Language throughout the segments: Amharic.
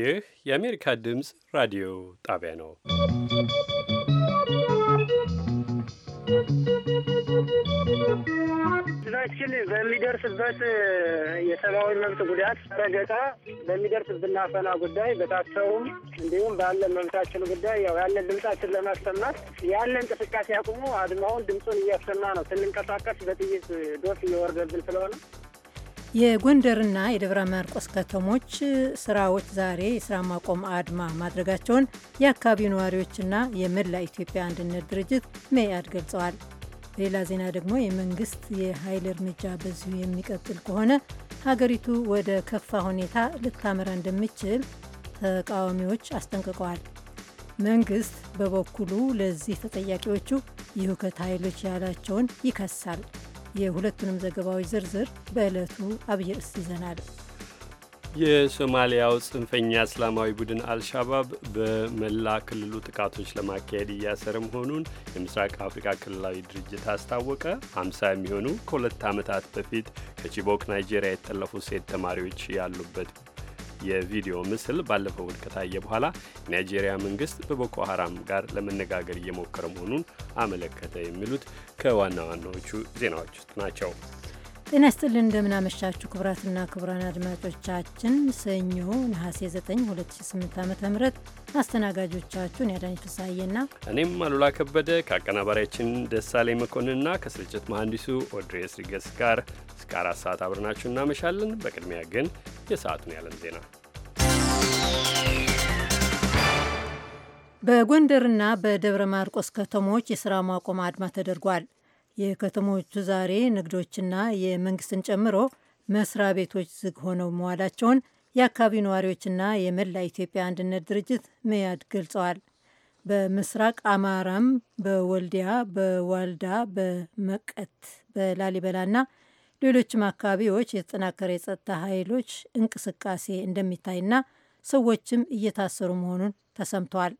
ይህ የአሜሪካ ድምፅ ራዲዮ ጣቢያ ነው። ችን በሚደርስበት የሰብአዊ መብት ጉዳት ረገጣ በሚደርስብን አፈና ጉዳይ በታሰሩም እንዲሁም ባለን መብታችን ጉዳይ ያው ያለን ድምጻችን ለማሰማት ያለ እንቅስቃሴ አቁሙ አድማውን ድምፁን እያሰማ ነው ስንንቀሳቀስ በጥይት ዶፍ እየወረደብን ስለሆነ የጎንደርና የደብረ ማርቆስ ከተሞች ስራዎች ዛሬ የስራ ማቆም አድማ ማድረጋቸውን የአካባቢው ነዋሪዎችና የመላ ኢትዮጵያ አንድነት ድርጅት መኢአድ ገልጸዋል። በሌላ ዜና ደግሞ የመንግስት የኃይል እርምጃ በዚሁ የሚቀጥል ከሆነ ሀገሪቱ ወደ ከፋ ሁኔታ ልታመራ እንደሚችል ተቃዋሚዎች አስጠንቅቀዋል። መንግስት በበኩሉ ለዚህ ተጠያቂዎቹ የሁከት ኃይሎች ያላቸውን ይከሳል። የሁለቱንም ዘገባዎች ዝርዝር በዕለቱ አብይ ርዕስ ይዘናል። የሶማሊያው ጽንፈኛ እስላማዊ ቡድን አልሻባብ በመላ ክልሉ ጥቃቶች ለማካሄድ እያሰረ መሆኑን የምስራቅ አፍሪካ ክልላዊ ድርጅት አስታወቀ። ሀምሳ የሚሆኑ ከሁለት ዓመታት በፊት ከቺቦክ ናይጄሪያ የተጠለፉ ሴት ተማሪዎች ያሉበት የቪዲዮ ምስል ባለፈው እሁድ ከታየ በኋላ ናይጄሪያ መንግስት በቦኮ ሀራም ጋር ለመነጋገር እየሞከረ መሆኑን አመለከተ። የሚሉት ከዋና ዋናዎቹ ዜናዎች ውስጥ ናቸው። ጤና ይስጥልን፣ እንደምናመሻችሁ ክቡራትና ክቡራን አድማጮቻችን ሰኞ ነሐሴ 9 2008 ዓ ም አስተናጋጆቻችሁን ያዳኝ ፍሳዬና እኔም አሉላ ከበደ ከአቀናባሪያችን ደሳሌ መኮንንና ከስርጭት መሐንዲሱ ኦድሬስ ሪገስ ጋር እስከ አራት ሰዓት አብረናችሁ እናመሻለን። በቅድሚያ ግን የሰዓቱን ያለም ዜና በጎንደርና በደብረ ማርቆስ ከተሞች የሥራ ማቆም አድማ ተደርጓል። የከተሞቹ ዛሬ ንግዶችና የመንግስትን ጨምሮ መስሪያ ቤቶች ዝግ ሆነው መዋላቸውን የአካባቢው ነዋሪዎችና የመላ ኢትዮጵያ አንድነት ድርጅት መያድ ገልጸዋል። በምስራቅ አማራም በወልዲያ፣ በዋልዳ፣ በመቀት፣ በላሊበላና ሌሎችም አካባቢዎች የተጠናከረ የጸጥታ ኃይሎች እንቅስቃሴ እንደሚታይና ሰዎችም እየታሰሩ መሆኑን ተሰምተዋል።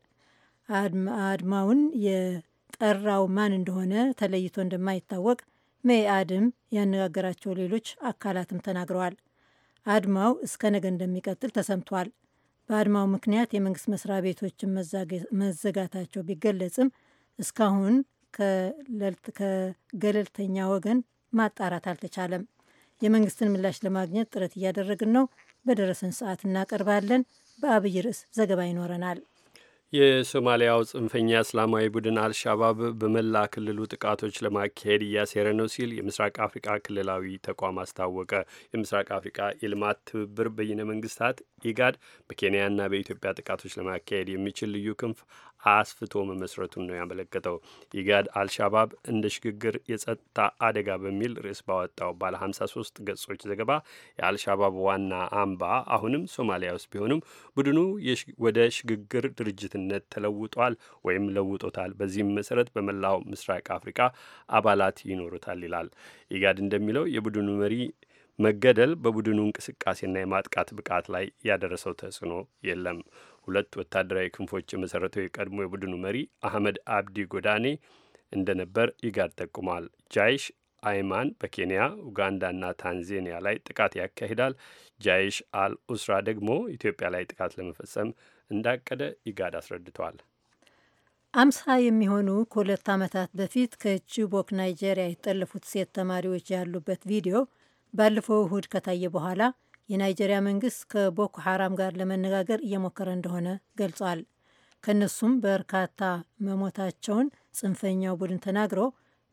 አድማውን የጠራው ማን እንደሆነ ተለይቶ እንደማይታወቅ መኢአድም ያነጋገራቸው ሌሎች አካላትም ተናግረዋል። አድማው እስከ ነገ እንደሚቀጥል ተሰምቷል። በአድማው ምክንያት የመንግስት መስሪያ ቤቶችን መዘጋታቸው ቢገለጽም እስካሁን ከገለልተኛ ወገን ማጣራት አልተቻለም። የመንግስትን ምላሽ ለማግኘት ጥረት እያደረግን ነው። በደረሰን ሰዓት እናቀርባለን። በአብይ ርዕስ ዘገባ ይኖረናል። የሶማሊያው ጽንፈኛ እስላማዊ ቡድን አልሻባብ በመላ ክልሉ ጥቃቶች ለማካሄድ እያሴረ ነው ሲል የምስራቅ አፍሪቃ ክልላዊ ተቋም አስታወቀ። የምስራቅ አፍሪቃ የልማት ትብብር በይነ መንግስታት ኢጋድ በኬንያና በኢትዮጵያ ጥቃቶች ለማካሄድ የሚችል ልዩ ክንፍ አስፍቶ መመስረቱን ነው ያመለከተው። ኢጋድ አልሻባብ እንደ ሽግግር የጸጥታ አደጋ በሚል ርዕስ ባወጣው ባለ 53 ገጾች ዘገባ የአልሻባብ ዋና አምባ አሁንም ሶማሊያ ውስጥ ቢሆንም ቡድኑ ወደ ሽግግር ድርጅትነት ተለውጧል ወይም ለውጦታል። በዚህም መሰረት በመላው ምስራቅ አፍሪካ አባላት ይኖሩታል ይላል። ኢጋድ እንደሚለው የቡድኑ መሪ መገደል በቡድኑ እንቅስቃሴና የማጥቃት ብቃት ላይ ያደረሰው ተጽዕኖ የለም። ሁለት ወታደራዊ ክንፎች የመሰረተው የቀድሞ የቡድኑ መሪ አህመድ አብዲ ጎዳኔ እንደነበር ኢጋድ ጠቁሟል። ጃይሽ አይማን በኬንያ ኡጋንዳና ታንዜኒያ ላይ ጥቃት ያካሂዳል። ጃይሽ አል ኡስራ ደግሞ ኢትዮጵያ ላይ ጥቃት ለመፈጸም እንዳቀደ ኢጋድ አስረድቷል። አምሳ የሚሆኑ ከሁለት ዓመታት በፊት ከቺቦክ ናይጄሪያ የተጠለፉት ሴት ተማሪዎች ያሉበት ቪዲዮ ባለፈው እሁድ ከታየ በኋላ የናይጄሪያ መንግስት ከቦኮ ሐራም ጋር ለመነጋገር እየሞከረ እንደሆነ ገልጿል። ከነሱም በርካታ መሞታቸውን ጽንፈኛው ቡድን ተናግሮ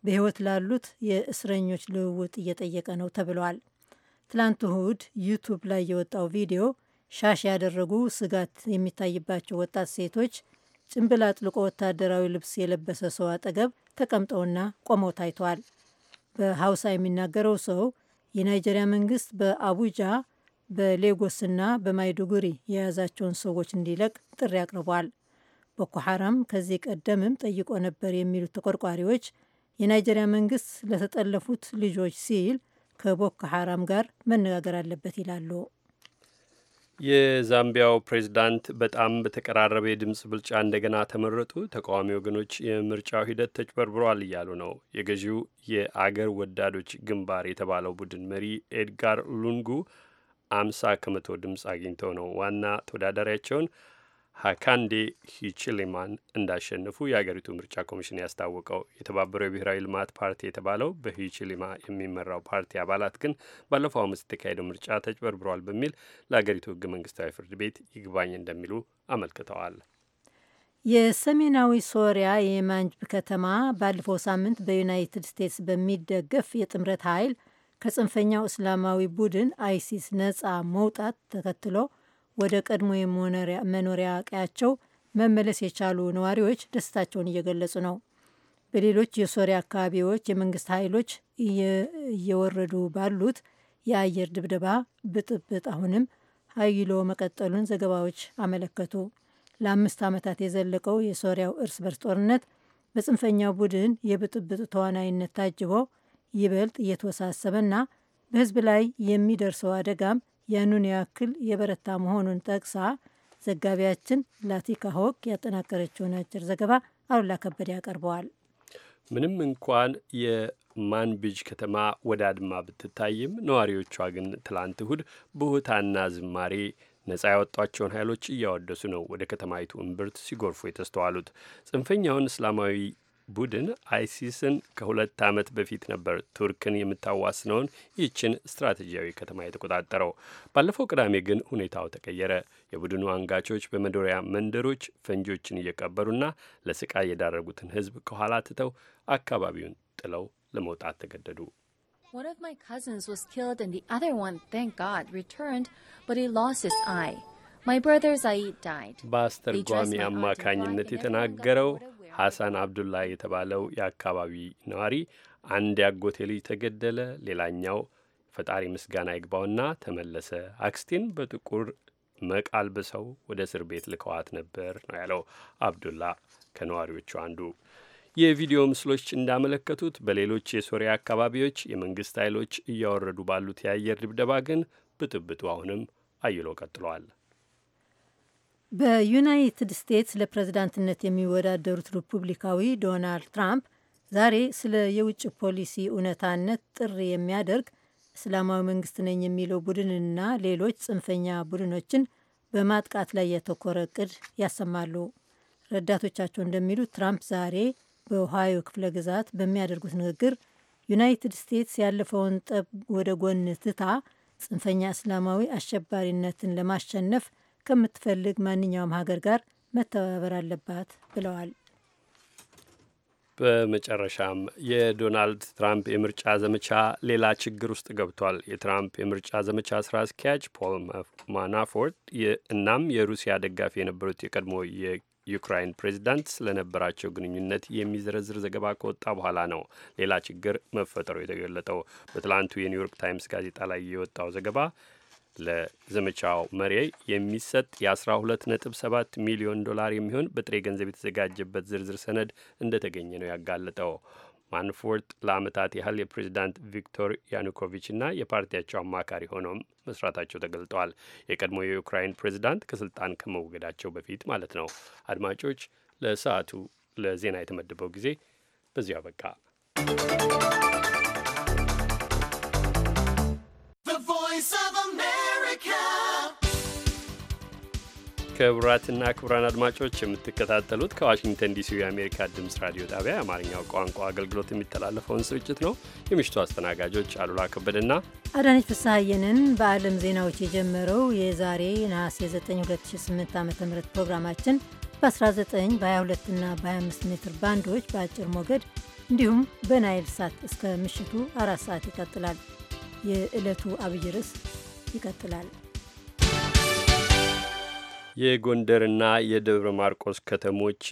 በህይወት ላሉት የእስረኞች ልውውጥ እየጠየቀ ነው ተብሏል። ትላንት እሁድ ዩቱብ ላይ የወጣው ቪዲዮ ሻሽ ያደረጉ ስጋት የሚታይባቸው ወጣት ሴቶች ጭንብል አጥልቆ ወታደራዊ ልብስ የለበሰ ሰው አጠገብ ተቀምጠውና ቆመው ታይቷል። በሐውሳ የሚናገረው ሰው የናይጀሪያ መንግስት በአቡጃ በሌጎስና በማይዱጉሪ የያዛቸውን ሰዎች እንዲለቅ ጥሪ አቅርቧል። ቦኮ ሐራም ከዚህ ቀደምም ጠይቆ ነበር የሚሉት ተቆርቋሪዎች የናይጀሪያ መንግስት ለተጠለፉት ልጆች ሲል ከቦኮ ሐራም ጋር መነጋገር አለበት ይላሉ። የዛምቢያው ፕሬዚዳንት በጣም በተቀራረበ የድምፅ ብልጫ እንደገና ተመረጡ። ተቃዋሚ ወገኖች የምርጫው ሂደት ተጭበርብሯል እያሉ ነው። የገዢው የአገር ወዳዶች ግንባር የተባለው ቡድን መሪ ኤድጋር ሉንጉ አምሳ ከመቶ ድምፅ አግኝተው ነው ዋና ተወዳዳሪያቸውን ሀካንዴ ሂችሊማን እንዳሸነፉ የአገሪቱ ምርጫ ኮሚሽን ያስታወቀው። የተባበረው የብሔራዊ ልማት ፓርቲ የተባለው በሂችሊማ የሚመራው ፓርቲ አባላት ግን ባለፈው ዓመት የተካሄደው ምርጫ ተጭበርብሯል በሚል ለአገሪቱ ህገ መንግስታዊ ፍርድ ቤት ይግባኝ እንደሚሉ አመልክተዋል። የሰሜናዊ ሶሪያ የማንጅብ ከተማ ባለፈው ሳምንት በዩናይትድ ስቴትስ በሚደገፍ የጥምረት ኃይል ከጽንፈኛው እስላማዊ ቡድን አይሲስ ነጻ መውጣት ተከትሎ ወደ ቀድሞ መኖሪያ ቀያቸው መመለስ የቻሉ ነዋሪዎች ደስታቸውን እየገለጹ ነው። በሌሎች የሶሪያ አካባቢዎች የመንግስት ኃይሎች እየወረዱ ባሉት የአየር ድብደባ ብጥብጥ አሁንም ሀይሎ መቀጠሉን ዘገባዎች አመለከቱ። ለአምስት ዓመታት የዘለቀው የሶሪያው እርስ በርስ ጦርነት በጽንፈኛው ቡድን የብጥብጥ ተዋናይነት ታጅበው ይበልጥ እየተወሳሰበና በህዝብ ላይ የሚደርሰው አደጋም ያኑን ያክል የበረታ መሆኑን ጠቅሳ ዘጋቢያችን ላቲካ ሆክ ያጠናቀረችውን አጭር ዘገባ አሉላ ከበደ ያቀርበዋል። ምንም እንኳን የማንቢጅ ከተማ ወደ አድማ ብትታይም ነዋሪዎቿ ግን ትላንት እሁድ በሆታና ዝማሬ ነጻ ያወጧቸውን ኃይሎች እያወደሱ ነው ወደ ከተማይቱ እምብርት ሲጎርፉ የተስተዋሉት ጽንፈኛውን እስላማዊ ቡድን አይሲስን ከሁለት ዓመት በፊት ነበር ቱርክን የምታዋስነውን ይህችን ስትራቴጂያዊ ከተማ የተቆጣጠረው። ባለፈው ቅዳሜ ግን ሁኔታው ተቀየረ። የቡድኑ አንጋቾች በመኖሪያ መንደሮች ፈንጂዎችን እየቀበሩና ለስቃይ የዳረጉትን ሕዝብ ከኋላ ትተው አካባቢውን ጥለው ለመውጣት ተገደዱ። One of my cousins was killed and the other one, thank God, returned, but he lost his eye. በአስተርጓሚ አማካኝነት የተናገረው ሐሳን አብዱላ የተባለው የአካባቢ ነዋሪ አንድ ያጎቴ ልጅ ተገደለ፣ ሌላኛው ፈጣሪ ምስጋና ይግባውና ተመለሰ። አክስቴን በጥቁር መቃልብሰው ወደ እስር ቤት ልከዋት ነበር ነው ያለው አብዱላ ከነዋሪዎቹ አንዱ። የቪዲዮ ምስሎች እንዳመለከቱት በሌሎች የሶሪያ አካባቢዎች የመንግስት ኃይሎች እያወረዱ ባሉት የአየር ድብደባ ግን ብጥብጡ አሁንም አይሎ ቀጥሏል። በዩናይትድ ስቴትስ ለፕሬዝዳንትነት የሚወዳደሩት ሪፑብሊካዊ ዶናልድ ትራምፕ ዛሬ ስለ የውጭ ፖሊሲ እውነታነት ጥሪ የሚያደርግ እስላማዊ መንግስት ነኝ የሚለው ቡድንና ሌሎች ጽንፈኛ ቡድኖችን በማጥቃት ላይ ያተኮረ እቅድ ያሰማሉ። ረዳቶቻቸው እንደሚሉት ትራምፕ ዛሬ በኦሃዮ ክፍለ ግዛት በሚያደርጉት ንግግር ዩናይትድ ስቴትስ ያለፈውን ጠብ ወደ ጎን ትታ ጽንፈኛ እስላማዊ አሸባሪነትን ለማሸነፍ ከምትፈልግ ማንኛውም ሀገር ጋር መተባበር አለባት ብለዋል። በመጨረሻም የዶናልድ ትራምፕ የምርጫ ዘመቻ ሌላ ችግር ውስጥ ገብቷል። የትራምፕ የምርጫ ዘመቻ ስራ አስኪያጅ ፖል ማናፎርት እናም የሩሲያ ደጋፊ የነበሩት የቀድሞ የዩክራይን ፕሬዚዳንት ስለነበራቸው ግንኙነት የሚዘረዝር ዘገባ ከወጣ በኋላ ነው ሌላ ችግር መፈጠሩ የተገለጠው። በትላንቱ የኒውዮርክ ታይምስ ጋዜጣ ላይ የወጣው ዘገባ ለዘመቻው መሪ የሚሰጥ የ12.7 ሚሊዮን ዶላር የሚሆን በጥሬ ገንዘብ የተዘጋጀበት ዝርዝር ሰነድ እንደተገኘ ነው ያጋለጠው። ማንፎርት ለአመታት ያህል የፕሬዚዳንት ቪክቶር ያኑኮቪች እና የፓርቲያቸው አማካሪ ሆነውም መስራታቸው ተገልጠዋል። የቀድሞ የዩክራይን ፕሬዚዳንት ከስልጣን ከመወገዳቸው በፊት ማለት ነው። አድማጮች፣ ለሰዓቱ ለዜና የተመደበው ጊዜ በዚሁ አበቃ። ክቡራትና ክቡራን አድማጮች የምትከታተሉት ከዋሽንግተን ዲሲ የአሜሪካ ድምፅ ራዲዮ ጣቢያ የአማርኛው ቋንቋ አገልግሎት የሚተላለፈውን ስርጭት ነው። የምሽቱ አስተናጋጆች አሉላ ከበደና አዳነች ፍስሐየንን በዓለም ዜናዎች የጀመረው የዛሬ ነሐሴ 9 2008 ዓ ም ፕሮግራማችን በ19 በ22ና በ25 ሜትር ባንዶች በአጭር ሞገድ እንዲሁም በናይል ሳት እስከ ምሽቱ አራት ሰዓት ይቀጥላል። የዕለቱ አብይ ርዕስ ይቀጥላል። የጎንደርና የደብረ ማርቆስ ከተሞች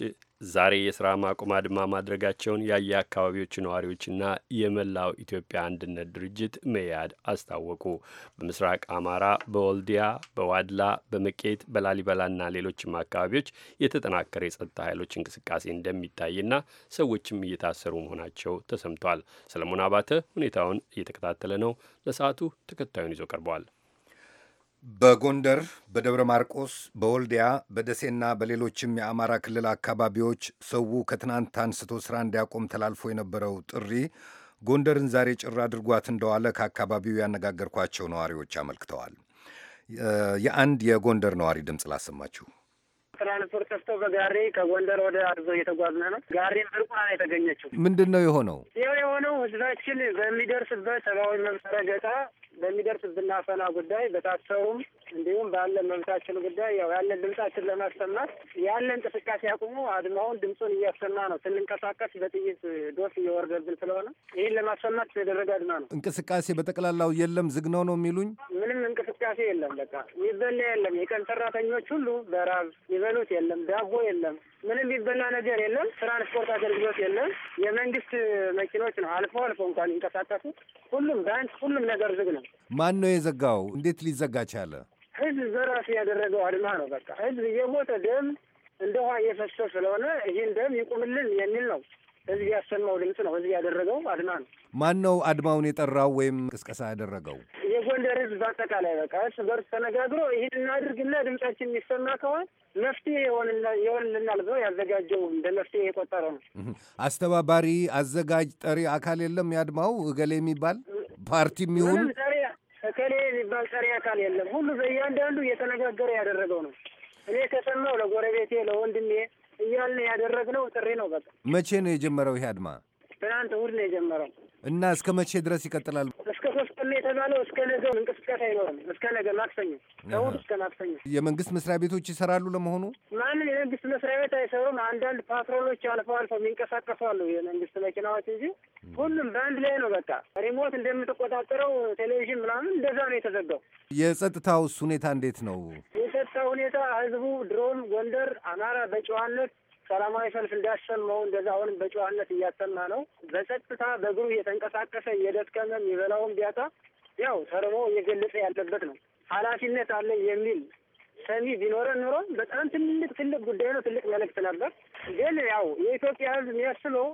ዛሬ የስራ ማቆም አድማ ማድረጋቸውን ያየ አካባቢዎች ነዋሪዎችና የመላው ኢትዮጵያ አንድነት ድርጅት መያድ አስታወቁ። በምስራቅ አማራ በወልዲያ፣ በዋድላ፣ በመቄት፣ በላሊበላና ሌሎችም አካባቢዎች የተጠናከረ የጸጥታ ኃይሎች እንቅስቃሴ እንደሚታይና ሰዎችም እየታሰሩ መሆናቸው ተሰምቷል። ሰለሞን አባተ ሁኔታውን እየተከታተለ ነው። ለሰዓቱ ተከታዩን ይዞ ቀርበዋል። በጎንደር በደብረ ማርቆስ በወልዲያ በደሴና በሌሎችም የአማራ ክልል አካባቢዎች ሰው ከትናንት አንስቶ ስራ እንዲያቆም ተላልፎ የነበረው ጥሪ ጎንደርን ዛሬ ጭር አድርጓት እንደዋለ ከአካባቢው ያነጋገርኳቸው ነዋሪዎች አመልክተዋል። የአንድ የጎንደር ነዋሪ ድምፅ ላሰማችሁ። ትራንስፖርት ከፍቶ በጋሪ ከጎንደር ወደ አርዞ እየተጓዝነ ነው። ጋሪ ብርቁና ነው የተገኘችው። ምንድን ነው የሆነው? ይኸው የሆነው ህዝባችን በሚደርስበት ሰብአዊ መብት ረገጣ በሚደርስብን አፈና ጉዳይ በታሰሩም እንዲሁም ባለ መብታችን ጉዳይ ያው ያለን ድምጻችን ለማሰማት ያለ እንቅስቃሴ አቁሙ አድማውን ድምፁን እያሰማ ነው። ስንንቀሳቀስ በጥይት ዶፍ እየወረደብን ስለሆነ ይህን ለማሰማት የተደረገ አድማ ነው። እንቅስቃሴ በጠቅላላው የለም ዝግ ነው ነው የሚሉኝ። ምንም እንቅስቃሴ የለም። በቃ ይበላ የለም። የቀን ሰራተኞች ሁሉ በራብ ይበሉት የለም። ዳቦ የለም። ምንም የሚበላ ነገር የለም። ትራንስፖርት አገልግሎት የለም። የመንግስት መኪኖች ነው አልፎ አልፎ እንኳን ይንቀሳቀሱት። ሁሉም ባንክ፣ ሁሉም ነገር ዝግ ነው። ማን ነው የዘጋው? እንዴት ሊዘጋ ቻለ? ህዝብ በራሱ ያደረገው አድማ ነው። በቃ ህዝብ የሞተ ደም እንደውሃ እየፈሰ ስለሆነ ይህን ደም ይቁምልን የሚል ነው ህዝብ ያሰማው ድምፅ ነው። ህዝብ ያደረገው አድማ ነው። ማን ነው አድማውን የጠራው ወይም ቅስቀሳ ያደረገው? የጎንደር ህዝብ በአጠቃላይ በቃ እርስ በርስ ተነጋግሮ ይህን እናድርግና ድምጻችን የሚሰማ ከሆን መፍትሄ የሆንልናል ብለው ያዘጋጀው እንደ መፍትሄ የቆጠረ ነው። አስተባባሪ፣ አዘጋጅ፣ ጠሪ አካል የለም። የአድማው እገሌ የሚባል ፓርቲ የሚሆን የሚባል ሰሪ አካል የለም። ሁሉ በእያንዳንዱ እየተነጋገረ ያደረገው ነው። እኔ ከሰማው ለጎረቤቴ ለወንድሜ እያልን ያደረግነው ጥሪ ነው። በቃ መቼ ነው የጀመረው ይሄ አድማ? ትናንት እሑድ ነው የጀመረው እና እስከ መቼ ድረስ ይቀጥላል? እስከ ሶስት ቀን የተባለው እስከ ነገ እንቅስቃሴ አይኖርም። እስከ ነገ ማክሰኞ፣ እሑድ እስከ ማክሰኞ። የመንግስት መስሪያ ቤቶች ይሰራሉ። ለመሆኑ ማንም የመንግስት መስሪያ ቤት አይሰሩም። አንዳንድ ፓትሮሎች አልፎ አልፈው የሚንቀሳቀሱ አሉ፣ የመንግስት መኪናዎች እንጂ ሁሉም በአንድ ላይ ነው። በቃ ሪሞት እንደምትቆጣጠረው ቴሌቪዥን ምናምን እንደዛ ነው የተዘጋው። የጸጥታውስ ሁኔታ እንዴት ነው? የጸጥታ ሁኔታ ህዝቡ ድሮም ጎንደር አማራ በጨዋነት ሰላማዊ ሰልፍ እንዳሰማው እንደዛ አሁንም በጨዋነት እያሰማ ነው። በጸጥታ በእግሩ እየተንቀሳቀሰ እየደከመ የሚበላውን ቢያጣ ያው ተርሞ እየገለጸ ያለበት ነው። ኃላፊነት አለ የሚል ሰሚ ቢኖረን ኑሮ በጣም ትልቅ ትልቅ ጉዳይ ነው። ትልቅ መልእክት ነበር። ግን ያው የኢትዮጵያ ህዝብ የሚያስበው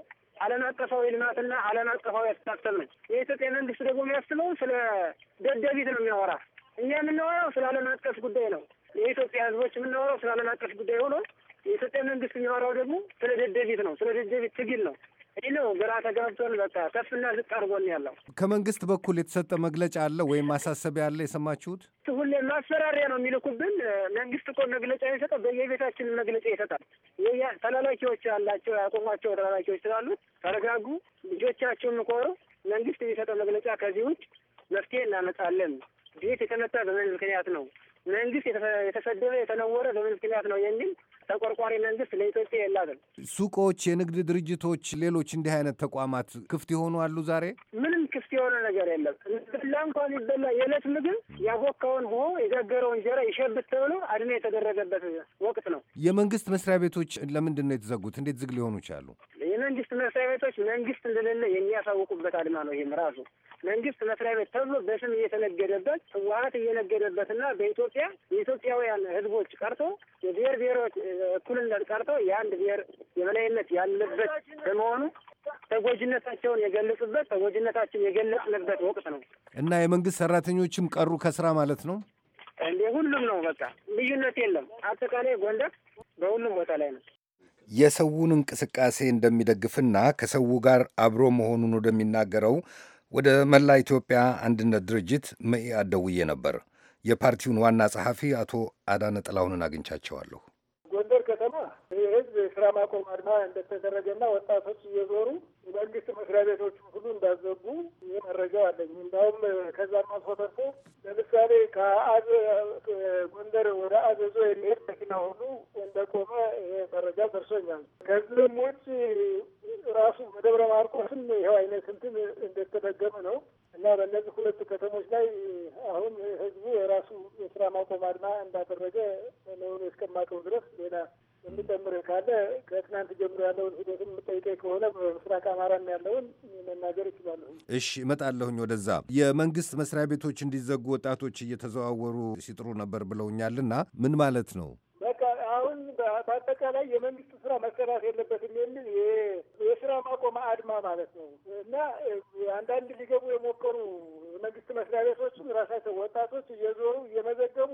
ዓለም አቀፋዊ ልማትና ዓለም አቀፋዊ አስተሳሰብ ነች። የኢትዮጵያ መንግስት ደግሞ የሚያስበው ስለ ደደቢት ነው የሚያወራ። እኛ የምናወራው ስለ ዓለም አቀፍ ጉዳይ ነው። የኢትዮጵያ ህዝቦች የምናወራው ስለ ዓለም አቀፍ ጉዳይ ሆኖ የኢትዮጵያ መንግስት የሚያወራው ደግሞ ስለ ደደቢት ነው። ስለ ደደቢት ትግል ነው። ይህ ነው ግራ ተጋብቶን በቃ ከፍና ዝቅ አድርጎን ያለው። ከመንግስት በኩል የተሰጠ መግለጫ አለ ወይም ማሳሰቢያ አለ የሰማችሁት? ሁሌ ማስፈራሪያ ነው የሚልኩብን። መንግስት እኮ መግለጫ የሰጠው በየቤታችን መግለጫ ይሰጣል። ተላላኪዎች አላቸው ያቆሟቸው ተላላኪዎች ስላሉት ተረጋጉ፣ ልጆቻችሁን ምኮሩ። መንግስት የሚሰጠው መግለጫ ከዚህ ውጭ መፍትሄ እናመጣለን፣ ቤት የተመታ በምን ምክንያት ነው፣ መንግስት የተሰደበ የተነወረ በምን ምክንያት ነው የሚል ተቆርቋሪ መንግስት ለኢትዮጵያ የላትም። ሱቆች፣ የንግድ ድርጅቶች፣ ሌሎች እንዲህ አይነት ተቋማት ክፍት የሆኑ አሉ። ዛሬ ምንም ክፍት የሆነ ነገር የለም። በላ እንኳን ይበላ የዕለት ምግብ ያቦካውን ሆ የጋገረው እንጀራ ይሸብት ተብሎ አድሜ የተደረገበት ወቅት ነው። የመንግስት መስሪያ ቤቶች ለምንድን ነው የተዘጉት? እንዴት ዝግ ሊሆኑ ይቻሉ? የመንግስት መስሪያ ቤቶች መንግስት እንደሌለ የሚያሳውቁበት አድማ ነው። ይህም ራሱ መንግስት መስሪያ ቤት ተብሎ በስም እየተነገደበት ህወሀት እየነገደበትና በኢትዮጵያ የኢትዮጵያውያን ህዝቦች ቀርቶ የብሔር ብሔሮች እኩልነት ቀርቶ የአንድ ብሔር የበላይነት ያለበት በመሆኑ ተጎጂነታቸውን የገለጹበት ተጎጂነታችን የገለጽንበት ወቅት ነው እና የመንግስት ሰራተኞችም ቀሩ ከስራ ማለት ነው። እንዴ ሁሉም ነው በቃ ልዩነት የለም። አጠቃላይ ጎንደር በሁሉም ቦታ ላይ ነው። የሰውን እንቅስቃሴ እንደሚደግፍና ከሰው ጋር አብሮ መሆኑን ወደሚናገረው ወደ መላ ኢትዮጵያ አንድነት ድርጅት መኢአድ ደውዬ ነበር። የፓርቲውን ዋና ጸሐፊ አቶ አዳነ ጥላሁንን አግኝቻቸዋለሁ። ጎንደር ከተማ የህዝብ ስራ ማቆም አድማ እንደተደረገና ወጣቶች እየዞሩ መንግስት መስሪያ ቤቶቹ ሁሉ እንዳዘጉ መረጃው አለኝ። እንዲሁም ከዛ አልፎ ተርፎ ለምሳሌ ከአዘ ጎንደር ወደ አዘዞ የሚሄድ መኪና ሁሉ እንደቆመ መረጃ ደርሶኛል። ከዚህም ውጭ ራሱ በደብረ ማርቆስም ይኸው አይነት ስንትም እንደተደገመ ነው። እና በእነዚህ ሁለቱ ከተሞች ላይ አሁን ህዝቡ የራሱ የስራ ማቆም አድማ እንዳደረገ መሆኑ እስከማውቀው ድረስ ሌላ የሚጨምር ካለ ከትናንት ጀምሮ ያለውን ሂደትን የምጠይቀኝ ከሆነ በምስራቅ አማራም ያለውን መናገር ይችላሉ። እሺ እመጣለሁኝ ወደዛ። የመንግስት መስሪያ ቤቶች እንዲዘጉ ወጣቶች እየተዘዋወሩ ሲጥሩ ነበር ብለውኛልና ምን ማለት ነው? አሁን በአጠቃላይ የመንግስት ስራ መሰራት የለበትም የሚል የስራ ማቆም አድማ ማለት ነው እና አንዳንድ ሊገቡ የሞከሩ የመንግስት መስሪያ ቤቶችም ራሳቸው ወጣቶች እየዞሩ እየመዘገቡ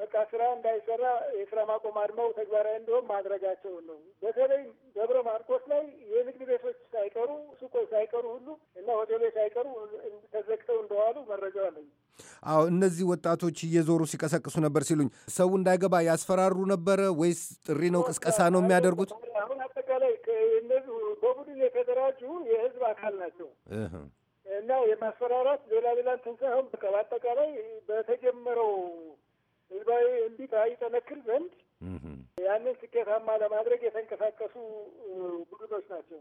በቃ ስራ እንዳይሰራ የስራ ማቆም አድማው ተግባራዊ እንዲሆን ማድረጋቸውን ነው። በተለይ ደብረ ማርቆስ ላይ የንግድ ቤቶች ሳይቀሩ ሱቆች ሳይቀሩ ሁሉ እና ሆቴሎች ሳይቀሩ ተዘግተው እንደዋሉ መረጃው አለኝ። አዎ እነዚህ ወጣቶች እየዞሩ ሲቀሰቅሱ ነበር ሲሉኝ፣ ሰው እንዳይገባ ያስፈራሩ ነበረ ወይስ ጥሪ ነው ቅስቀሳ ነው የሚያደርጉት? አሁን አጠቃላይ በቡድን የተደራጁ የህዝብ አካል ናቸው እና የማስፈራራት ሌላ ሌላ እንትን ሳይሆን በአጠቃላይ በተጀመረው ህዝባዊ እምቢታ ይጠነክር ዘንድ ያንን ስኬታማ ለማድረግ የተንቀሳቀሱ ቡድኖች ናቸው።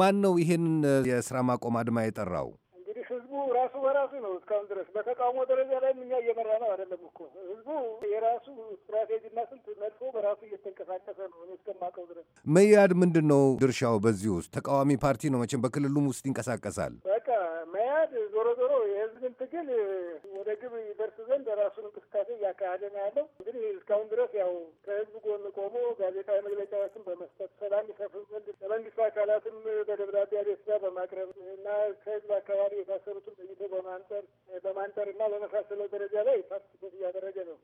ማን ነው ይህንን የስራ ማቆም አድማ የጠራው? እንግዲህ ህዝቡ ራሱ በራሱ ነው። እስካሁን ድረስ በተቃውሞ ደረጃ ላይ እኛ እየመራ ነው አይደለም እኮ ህዝቡ የራሱ ስትራቴጂና ስልት ነድፎ በራሱ እየተንቀሳቀሰ ነው። እኔ እስከማውቀው ድረስ መያድ ምንድን ነው ድርሻው በዚህ ውስጥ? ተቃዋሚ ፓርቲ ነው መቼም፣ በክልሉም ውስጥ ይንቀሳቀሳል። በቃ መያድ ዞሮ ዞሮ የህዝብን ትግል ግን በራሱን እንቅስቃሴ እያካሄደ ነው ያለው። እንግዲህ እስካሁን ድረስ ያው ከህዝብ ጎን ቆሞ ጋዜጣዊ መግለጫዎችን በመስጠት ሰላም ይሰፍን ዘንድ ለመንግስቱ አካላትም በደብዳቤ አቤቱታ በማቅረብ እና ከህዝብ አካባቢ የታሰሩትን ጠይቶ በማንጠር በማንጠር እና በመሳሰለው ደረጃ ላይ ፓርቲሲፔት እያደረገ ነው።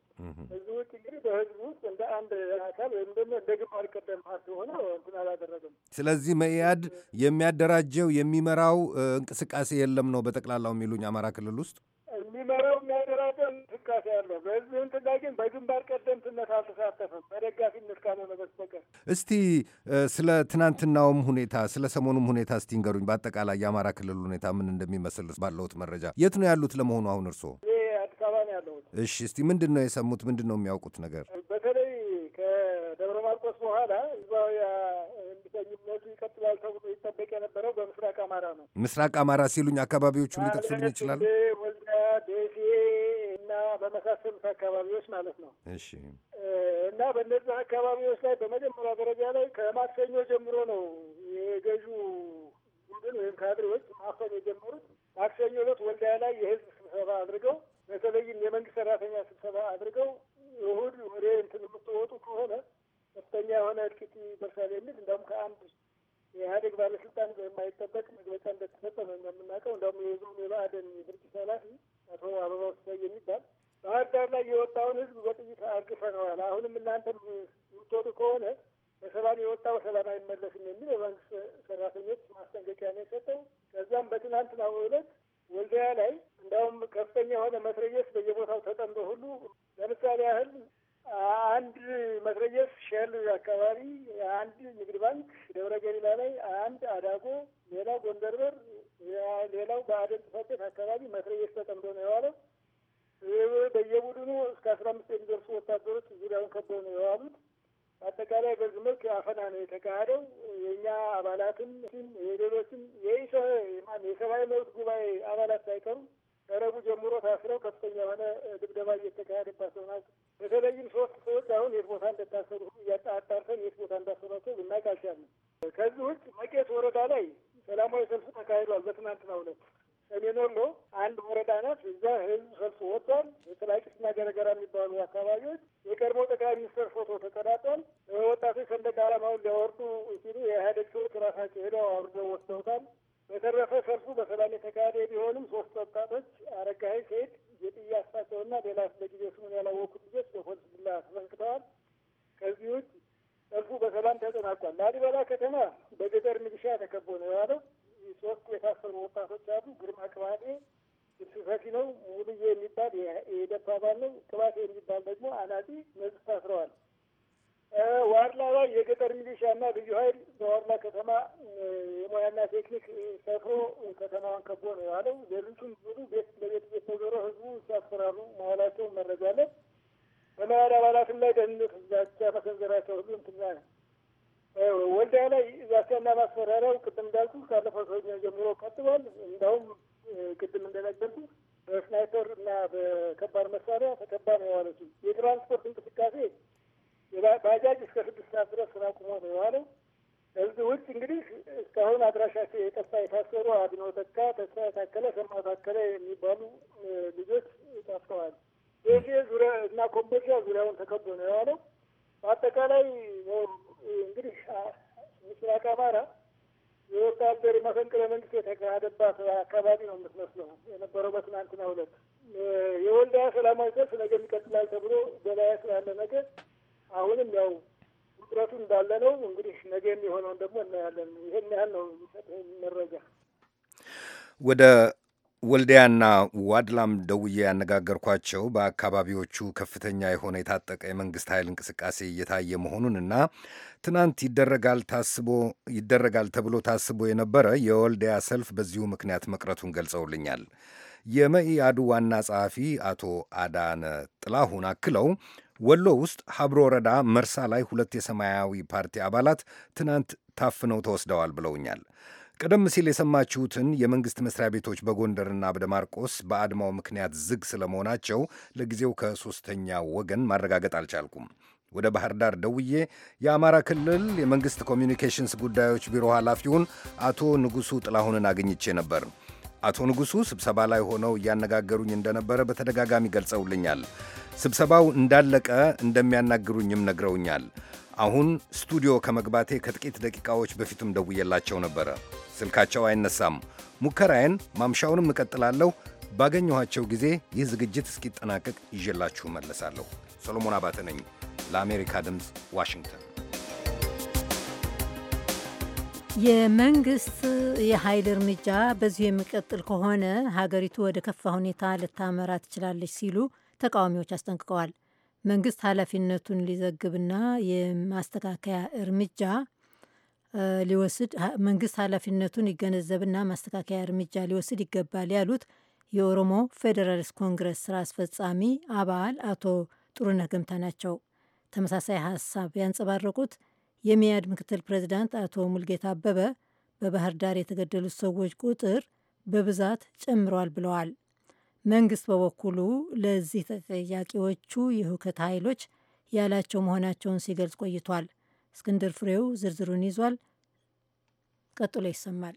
እዚህ ውጭ እንግዲህ በህዝብ ውስጥ እንደ አንድ አካል ወይም ደግሞ እንደ ግንባር ቀደም ፓርቲ ሆነ እንትን አላደረገም። ስለዚህ መኢአድ የሚያደራጀው የሚመራው እንቅስቃሴ የለም ነው በጠቅላላው የሚሉኝ አማራ ክልል ውስጥ የሚመራው የተናጠ እንቅስቃሴ ያለው በህዝብ ንቅናቄ በግንባር ቀደምትነት አልተሳተፈም በደጋፊነት ካልሆነ በስተቀር። እስቲ ስለ ትናንትናውም ሁኔታ ስለ ሰሞኑም ሁኔታ እስቲ ንገሩኝ። በአጠቃላይ የአማራ ክልል ሁኔታ ምን እንደሚመስል ባለሁት መረጃ የት ነው ያሉት ለመሆኑ አሁን እርስዎ? አዲስ አበባ ነው ያለሁት። እሺ፣ እስቲ ምንድን ነው የሰሙት? ምንድን ነው የሚያውቁት ነገር? በተለይ ከደብረ ማርቆስ በኋላ ህዝባዊ እምቢተኝነቱ ይቀጥላል ተብሎ ይጠበቅ የነበረው በምስራቅ አማራ ነው። ምስራቅ አማራ ሲሉኝ አካባቢዎቹን ሊጠቅሱልኝ ይችላሉ? በመሳሰሉት አካባቢዎች ማለት ነው። እሺ። እና በእነዚህ አካባቢዎች ላይ በመጀመሪያ ደረጃ ላይ ከማክሰኞ ጀምሮ ነው የገዢው ቡድን ወይም ካድሬዎች ማፈን የጀመሩት። ማክሰኞ ዕለት ወልዳያ ላይ የህዝብ ስብሰባ አድርገው በተለይም የመንግስት ሰራተኛ ስብሰባ አድርገው እሁድ ወደ እንትን የምትወጡ ከሆነ ከፍተኛ የሆነ እልቂት ይደርሳል የሚል እንደውም ከአንድ የኢህአዴግ ባለስልጣን የማይጠበቅ መግለጫ እንደተሰጠ ነው እንደምናውቀው። እንደውም የዞን የባአደን ድርጅት ኃላፊ አቶ አበባው ስፋይ የሚባል ባህር ዳር ላይ የወጣውን ህዝብ በጥይት አርግፈነዋል። አሁንም እናንተ የምትወጡ ከሆነ በሰላም የወጣው ሰላም አይመለስም የሚል የመንግስት ሰራተኞች ማስጠንቀቂያ ነው የሰጠው። ከዛም በትናንትናው ዕለት ወልዲያ ላይ እንዲያውም ከፍተኛ የሆነ መትረየስ በየቦታው ተጠምዶ ሁሉ ለምሳሌ ያህል አንድ መትረየስ ሼል አካባቢ፣ አንድ ንግድ ባንክ ደብረ ገሊላ ላይ አንድ አዳጎ፣ ሌላው ጎንደር በር፣ ሌላው በአደን ጽሕፈት ቤት አካባቢ መትረየስ ተጠምዶ ነው የዋለው። በየቡድኑ እስከ አስራ አምስት የሚደርሱ ወታደሮች ዙሪያውን ከበው ነው የዋሉት። አጠቃላይ በዚህ መልክ አፈና ነው የተካሄደው። የእኛ አባላትም የሌሎችም የሰብአዊ መብት ጉባኤ አባላት ሳይቀሩ ከረቡ ጀምሮ ታስረው ከፍተኛ የሆነ ድብደባ እየተካሄደባቸው ናቸው። በተለይም ሶስት ሰዎች አሁን የት ቦታ እንደታሰሩ አጣርተን የት ቦታ እንዳሰሯቸው ልናውቅ አልቻልንም። ከዚህ ውጭ መቄት ወረዳ ላይ ሰላማዊ ሰልፍ ተካሂዷል በትናንትናው ዕለት ሰሜን ወሎ አንድ ወረዳ ናት። እዛ ህዝብ ሰልፍ ወጥቷል። የተለያዩ ገረገራ የሚባሉ አካባቢዎች የቀድሞ ጠቅላይ ሚኒስትር ፎቶ ተቀዳጧል። ወጣቶች ሰንደቅ ዓላማውን ሊያወርዱ ሲሉ የኢህአዴግ ሰዎች ራሳቸው ሄደው አውርደው ወስደውታል። በተረፈ ሰልፉ በሰላም የተካሄደ ቢሆንም ሶስት ወጣቶች አረጋዊ ሴት የጥያ አስፋቸውና ሌላ ለጊዜ ስሙን ያላወቁት ልጆች በፖሊስ ዱላ ተመልክተዋል። ከዚህ ውጭ ሰልፉ በሰላም ተጠናቋል። ላሊበላ ከተማ በገጠር ሚሊሻ ተከቦ ነው የዋለው። ሶስቱ የታሰሩ ወጣቶች አሉ። ግርማ ቅባቴ ጽፈፊ ነው። ሙሉዬ የሚባል የኢዴፓ አባል ነው። ቅባቴ የሚባል ደግሞ አናጺ መልስ ታስረዋል። ዋርላ ላይ የገጠር ሚሊሻ ሚሊሻና ልዩ ኃይል በዋርላ ከተማ የሙያና ቴክኒክ ሰፍሮ ከተማዋን ከቦ ነው የዋለው። ሌሎቹም ሙሉ ቤት ለቤት ቤት ህዝቡ ሲያስፈራሩ መዋላቸውን መረጃ አለን። በመያድ አባላትም ላይ ደህንነት ዛቻ መሰንዘራቸው ሁሉ እንትና ነው ወልዲያ ላይ ዛቻና ማስፈራሪያው ቅድም እንዳልኩ ካለፈው ሰኞ ጀምሮ ቀጥሏል። እንዳውም ቅድም እንደነገርኩ በስናይፐር እና በከባድ መሳሪያ ተከባ ነው የዋለች። የትራንስፖርት እንቅስቃሴ ባጃጅ እስከ ስድስት ሰዓት ድረስ ስራ ቁሞ ነው የዋለው። ከዚህ ውጭ እንግዲህ እስካሁን አድራሻቸው የጠፋ የታሰሩ አድኖ ተካ፣ ተስፋ ታከለ፣ ሰማ ታከለ የሚባሉ ልጆች ጠፍተዋል። ይህ ዙሪያ እና ኮምቦልቻ ዙሪያውን ተከቦ ነው የዋለው። በአጠቃላይ እንግዲህ ምስራቅ አማራ የወታደር መፈንቅለ መንግስት የተካሄደባት አካባቢ ነው የምትመስለው የነበረው በትናንትና ሁለት የወልዳ ሰላማዊ ሰልፍ ነገ ይቀጥላል ተብሎ በላይ ስላለ ነገ አሁንም ያው ውጥረቱ እንዳለ ነው። እንግዲህ ነገ የሚሆነውን ደግሞ እናያለን። ይህን ያህል ነው የሚሰጥ መረጃ። ወደ ወልዲያና ዋድላም ደውዬ ያነጋገርኳቸው በአካባቢዎቹ ከፍተኛ የሆነ የታጠቀ የመንግስት ኃይል እንቅስቃሴ እየታየ መሆኑንና ትናንት ይደረጋል ታስቦ ይደረጋል ተብሎ ታስቦ የነበረ የወልዲያ ሰልፍ በዚሁ ምክንያት መቅረቱን ገልጸውልኛል። የመኢአዱ ዋና ጸሐፊ አቶ አዳነ ጥላሁን አክለው ወሎ ውስጥ ሀብሮ ወረዳ መርሳ ላይ ሁለት የሰማያዊ ፓርቲ አባላት ትናንት ታፍነው ተወስደዋል ብለውኛል። ቀደም ሲል የሰማችሁትን የመንግሥት መስሪያ ቤቶች በጎንደርና በደማርቆስ በአድማው ምክንያት ዝግ ስለመሆናቸው ለጊዜው ከሦስተኛ ወገን ማረጋገጥ አልቻልኩም። ወደ ባህር ዳር ደውዬ የአማራ ክልል የመንግሥት ኮሚኒኬሽንስ ጉዳዮች ቢሮ ኃላፊውን አቶ ንጉሡ ጥላሁንን አግኝቼ ነበር። አቶ ንጉሡ ስብሰባ ላይ ሆነው እያነጋገሩኝ እንደነበረ በተደጋጋሚ ገልጸውልኛል። ስብሰባው እንዳለቀ እንደሚያናግሩኝም ነግረውኛል። አሁን ስቱዲዮ ከመግባቴ ከጥቂት ደቂቃዎች በፊትም ደውዬላቸው ነበረ። ስልካቸው አይነሳም። ሙከራዬን ማምሻውንም እቀጥላለሁ። ባገኘኋቸው ጊዜ ይህ ዝግጅት እስኪጠናቀቅ ይዤላችሁ መለሳለሁ። ሰሎሞን አባተ ነኝ ለአሜሪካ ድምፅ ዋሽንግተን። የመንግስት የኃይል እርምጃ በዚሁ የሚቀጥል ከሆነ ሀገሪቱ ወደ ከፋ ሁኔታ ልታመራ ትችላለች ሲሉ ተቃዋሚዎች አስጠንቅቀዋል። መንግስት ኃላፊነቱን ሊዘግብና የማስተካከያ እርምጃ ሊወስድ መንግስት ኃላፊነቱን ይገነዘብና ማስተካከያ እርምጃ ሊወስድ ይገባል ያሉት የኦሮሞ ፌዴራሊስት ኮንግረስ ስራ አስፈጻሚ አባል አቶ ጥሩነህ ገምታ ናቸው። ተመሳሳይ ሀሳብ ያንጸባረቁት የሚያድ ምክትል ፕሬዚዳንት አቶ ሙልጌታ አበበ በባህር ዳር የተገደሉት ሰዎች ቁጥር በብዛት ጨምረዋል ብለዋል። መንግስት በበኩሉ ለዚህ ተጠያቂዎቹ የሁከት ኃይሎች ያላቸው መሆናቸውን ሲገልጽ ቆይቷል። እስክንድር ፍሬው ዝርዝሩን ይዟል፣ ቀጥሎ ይሰማል።